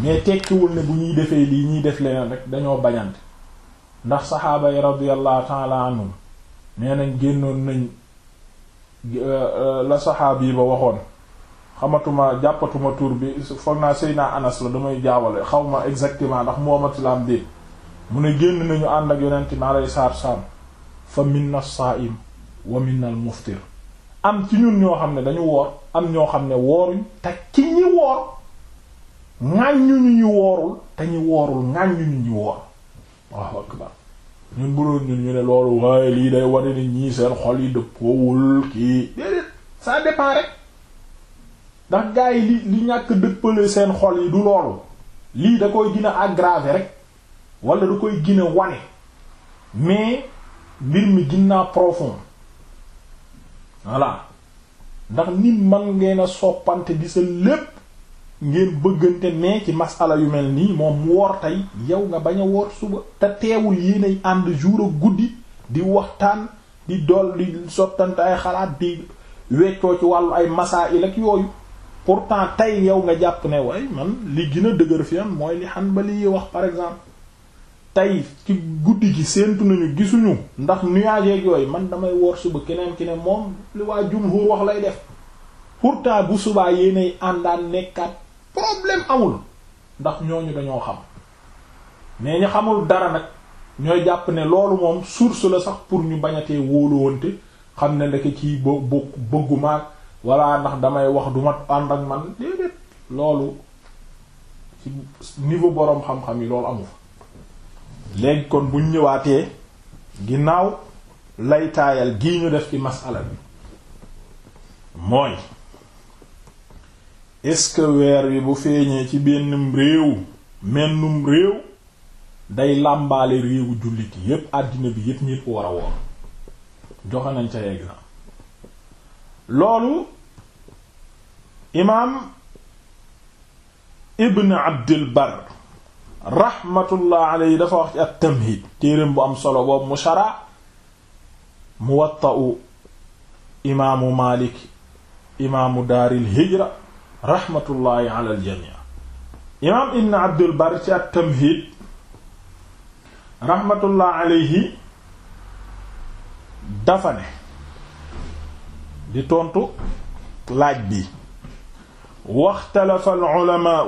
mais tekkiwul ne bu ñuy defee lii ñuy def leneen rek dañoo bañante ndax saxaaba yi radiyallahu taala anhum nee nañ génnoon nañ euh, euh, la saxaab yi ba waxoon xamatuma jàppatuma tur bi foog naa Seydina Anas la damay jaawale xaw ma exactement ndax moomatilam dén mu ne génn nañu ànd ak yonente mi alei saatu salaam fa minna saa'im wa minna al muftir am ci ñun ñoo xam ne dañu woor am ñoo xam ne wooruñ te ci ñi woor ŋàññu ñu ñu woorul te ñi woorul ŋàññu ñu ñu woor waaw akbar ñun bu ñun ñu ne loolu waaye lii day wane ñii seen xol yi dëppoowul kii déedéet ça dépend rek ndax gars yi li li ñàkk dëppale seen xol yi du loolu lii da koy gën a rek walla da koy gën wane mais mbir mi ginnaa profond voilà ndax nit man ngeen a soppante di sa lépp ngeen bëggante mais ci masala yu mel nii moom mu woor tey yow nga bañ a woor suba te teewul yéenay ànd jour ak guddi di waxtaan di dool di sottante ay xalaat di weccoo ci wàllu ay masaa il ak yooyu pourtant tey yow nga jàpp ne way man li gën a dëgër fi am mooy li Hanbali yi wax par exemple tey ci guddi gi séentu nañu gisuñu ndax nuage yeeg yooyu man damay woor suba keneen ki ne moom li waa jumhur wax lay def pourtant bu subaa yéenay àndaan nekkaat problème amul ndax ñooñu dañoo xam mais ñu xamul dara nag ñooy jàpp ne loolu moom source la sax pour ñu bañatee wóoluwante xam ne ndeke ci bo bokk bëggumaak wala ndax damay wax du ma ànd ak man déedéet loolu ci niveau boroom xam-xam yi loolu amul fa kon buñ ñëwaatee ginnaaw laytaayal gii ñu def ci masala bi mooy est-ce que weer wi bu feeñee ci bennum réew mennum réew day làmbaale réewu jullit yépp àddina bi yépp ñi ko war a woor joxe nañ ca exemple loolu imaam ibn abdul bar rahmatullah alayhi dafa wax ci at-tamhid téereem bu am solo boobu mu shara muwatta'u imaamu malik imaamu daaril hijra rahmatullahi ala al-jamii imaam ibn abdul bar ci at-tamhid rahmatullah alayhi dafa ne di tontu laaj bi waxtalafa al ulamaa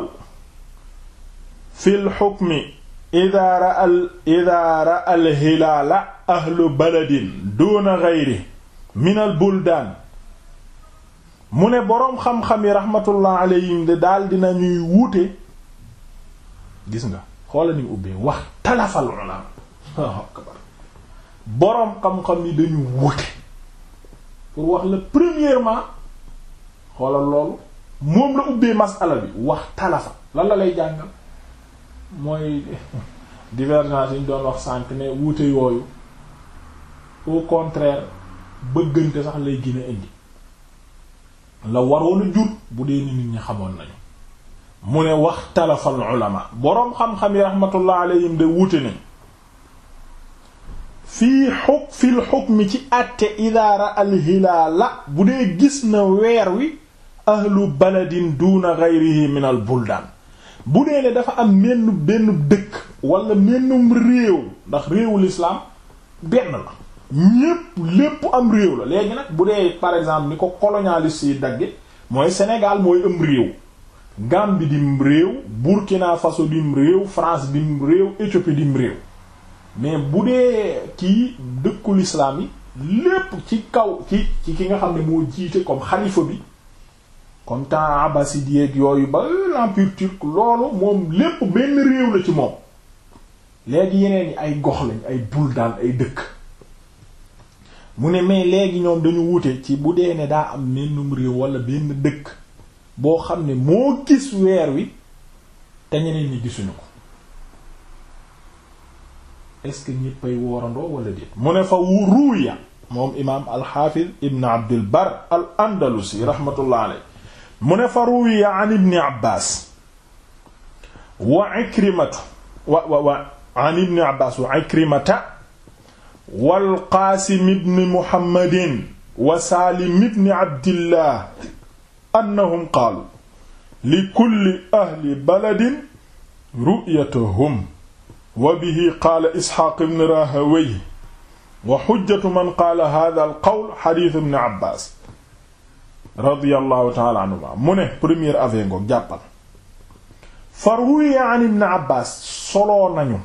fi l xukmi ida raa ida raa al hilaala ahlu baladin duuna geyri min al buldaan mu ne boroom xam-xam yi rahmatullah aleyhim de daal dina ñuy wuute gis nga xoola ni ubbee wax talafal ulama Allahu akbar xam-xam yi dañu wuute pour wax la premièrement xoolal loolu moom la ubbee masala bi wax talafa lan la lay jàngal mooy divergence yi ñu doon wax sànq ne wuute yooyu au contraire bëggante sax lay gën indi la waroon a jur bu dee nit ñi xamoon nañu mu ne wax talafal ulama boroom xam-xam yi rahmatullah alayhim de wuute nañ fii xuk fil xukmi ci àtte idaara alxilaala bu dee gis na weer wi ahlu baladin duna gayrihi min al buldaan bu dee ne dafa am menn benn dëkk wala mennum réew ndax réewu lislaam benn la ñépp lépp am réew la léegi nag bu dee par exemple ni ko colonialiste yi dagge mooy senegaal mooy am réew Gambie dim réew Burkina Faso di réew France dim réew Éthiopie dim réew mais bu dee kii dëkku lislaam yi lépp ci kaw ci ci ki nga xam ne moo jiite comme xalifa bi comme temps abbasid yeeg yooyu ba l'empire turc loolu moom lépp benn réew la ci moom léegi yeneen yi ay gox lañ ay buldan ay dëkk mu ne mais léegi ñoom dañu wute ci bu dee ne daa am mennum réew wala benn dëkk boo xam ne moo gis weer wi te ñeneen ñi gisuñu ko est-ce que ñëppay woorandoo wala déet mu ne fa wuruya moom imaam alxaafiz ibn abdul bar al andalusi rahmatullah aley mu ne fa ruwiya an ibni abbas wa ikrimatu wa wa wa an ibni abbas wa ikrimata walqaasim ibni muhammadin wa saalim ibni abdillah annahum qaalu li kulli ahli baladin ru'yatuhum wa bihi qaala isxaaq ibn rahawey wa xujjatu man qaala hada al qawl xadiis ibn abbas radiallahu taala mu ne premier avion ngoog fa ruwiya an ibn abbas soloo nañu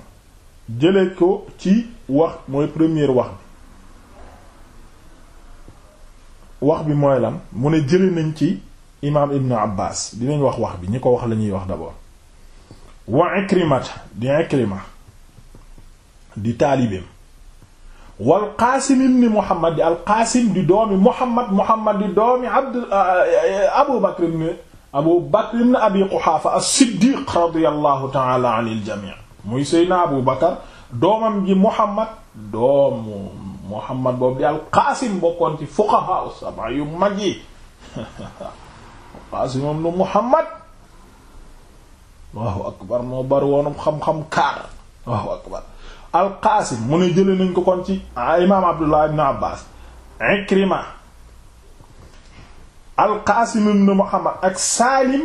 jële ko ci wax mooy premier wax bi wax bi mooy lan mu ne jële nañ ci imaam ibn abbas dinañ wax wax bi ñi ko wax lañuy wax d'abord wa ikrimata di ikrima di taalibeem wal qaasim ibn muhammad di al qaasim di doomi muhammad muhammad di doomi abd uh, uh, abu bakr ibn abu bakr ibn abi quhaafa as-siddiq radiyallahu ta'ala anil jami' muy seydna abu bakar doomam ji muhammad doomu muhammad boobu di al qaasim bokkoon ci fuqaha as-sab'a yu mag yi qaasim ibn muhammad allahu akbar moo bari woonum xam-xam kaar allahu akbar alqaasim mu ne jële ko kon ci imaam abdullah ibn abbas ikrima alqaasim ibn muhammad ak saalim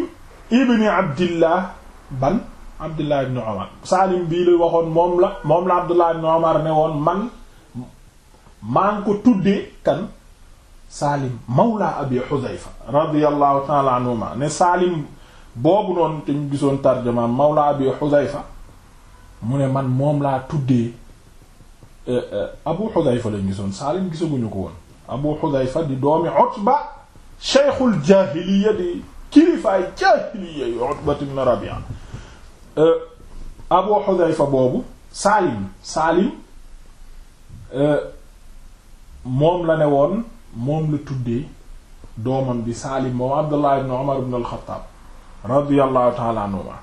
ibn abdillah ban abdullah ibn omar saalim bii la waxoon moom la moom la abdullah ibn omar ne woon man maa ngi ko tuddee kan saalim mawla abi xudayfa radiallahu taala anhuma ne saalim boobu noonu te ñu gisoon tarjumaan mawla abi xudayfa mu ne man moom laa tuddee eh, eh, Abu Hudhayfa lañ gisoon Saalim gisaguñu ko woon Abu Hudhayfa di doomi Utba shaykhul jaahiliya di kilifaay jaahiliya yu Utba ibn Rabi'a eh, Abu Hudhayfa boobu Saalim Saalim moom la ne woon moom la tuddee doomam bi Saalim moom Abdullah ibn Umar ibn al-Khattab radiyallahu ta'ala anhuma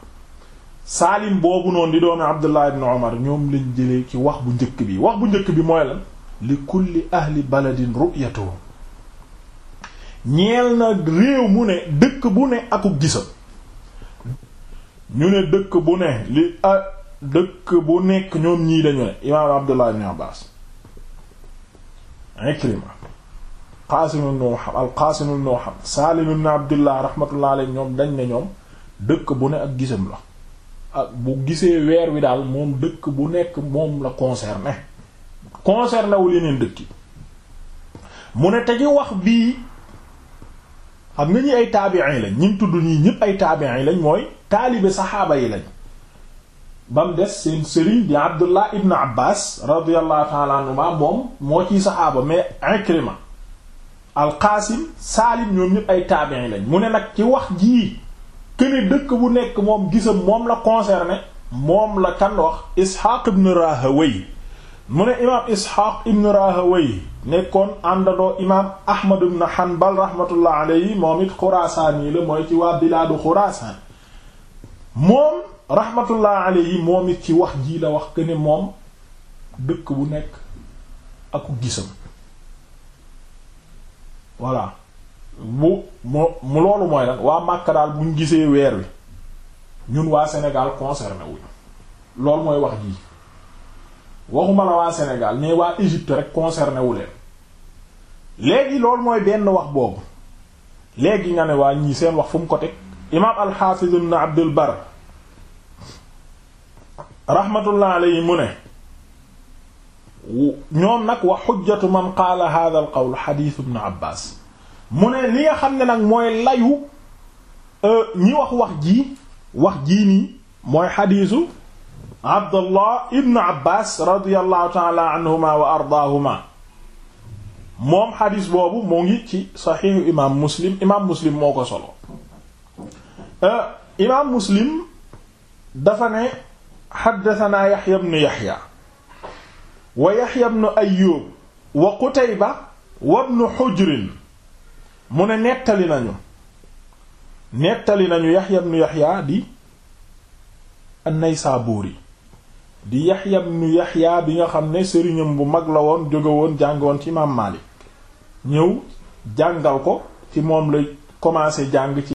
saalim boobu noonu di doomi abdullah ibn omar ñoom lañ jëlee ci wax bu njëkk bi wax bu njëkk bi mooy lan li kulli ahli baladin ru'yatuhum ñeel na réew mu ne dëkk bu ne aku gisam ñu ne dëkk bu dëkk bu nekk ñoom ñii dañu ne imaam abdullah ibn abbas ikrima ñoom dañ ne dëkk bu ne ak gisam la Ah, bu gisee weer wi daal moom dëkk bu nekk moom la concerné concerné wu yeneen dëkk yi mu ne te wax bii xam nga ñi ay taabi'in lañ ñi tudd ñii ñëpp ay taabi'in lañ mooy taalibe saxaaba yi lañ bam mu des seen sëriñ di Abdullah ibn Abbas radiyallahu ta'ala anhuma moom moo ciy saxaaba mais Ikrima al-Qasim Salim ñoom ñëpp ay taabi'in lañ mu ne nag ci wax jii këne dëkk bu nekk moom gisam moom la concerné moom la kan wax Isxaaq ibn Rahawayh mu ne imaam Isxaaq ibn Rahawayh nekkoon àndandoo imaam Ahmad ibn Hanbal rahmatullah moom it Xuraasaan yi la mooy ci waa bilaadu Xuraasaan moom rahmatullah alayhi moom it ci wax jii la wax këne moom dëkk bu nekk aku gisam voilà bu mu mu loolu mooy lan waa Makka daal buñ gisee weer wi ñun waa Sénégal concerné wuñu loolu mooy wax ji waxuma la waa Sénégal mais waa Égypte rek concerné wu léegi loolu mooy benn wax boobu léegi nga ne waa ñii seen wax fu mu ko teg imaam al-Hafiz ibn Abdul Barr rahmatullah alayhi mu ne ñoom nag wa xujjatu man qaala hadha al qawl xadiis ibn Abbas mu ne ni nga xam ne nag mooy layu euh, ñi wax wax ji wax ji ni mooy xadiisu abdullah ibn abbas radiallahu taala anhuma wa ardaahuma moom xadiis boobu moo ngi ci saxiixu imaam muslim imaam muslim moo ko solo euh, imaam muslim dafa ne xaddatanaa yaxya bnu yaxya wa yaxya bnu ayub wa qutayba wa bnu xujrin mu ne nettali nañu nettali nañu Yahya ibn Yahya di a an yi di Yahya ibn Yahya bi nga xam ne sëriñam bu mag la woon jógewoon jàngoon ci imaam Maalik ñëw jàngal ko ci moom la commencé jàng ci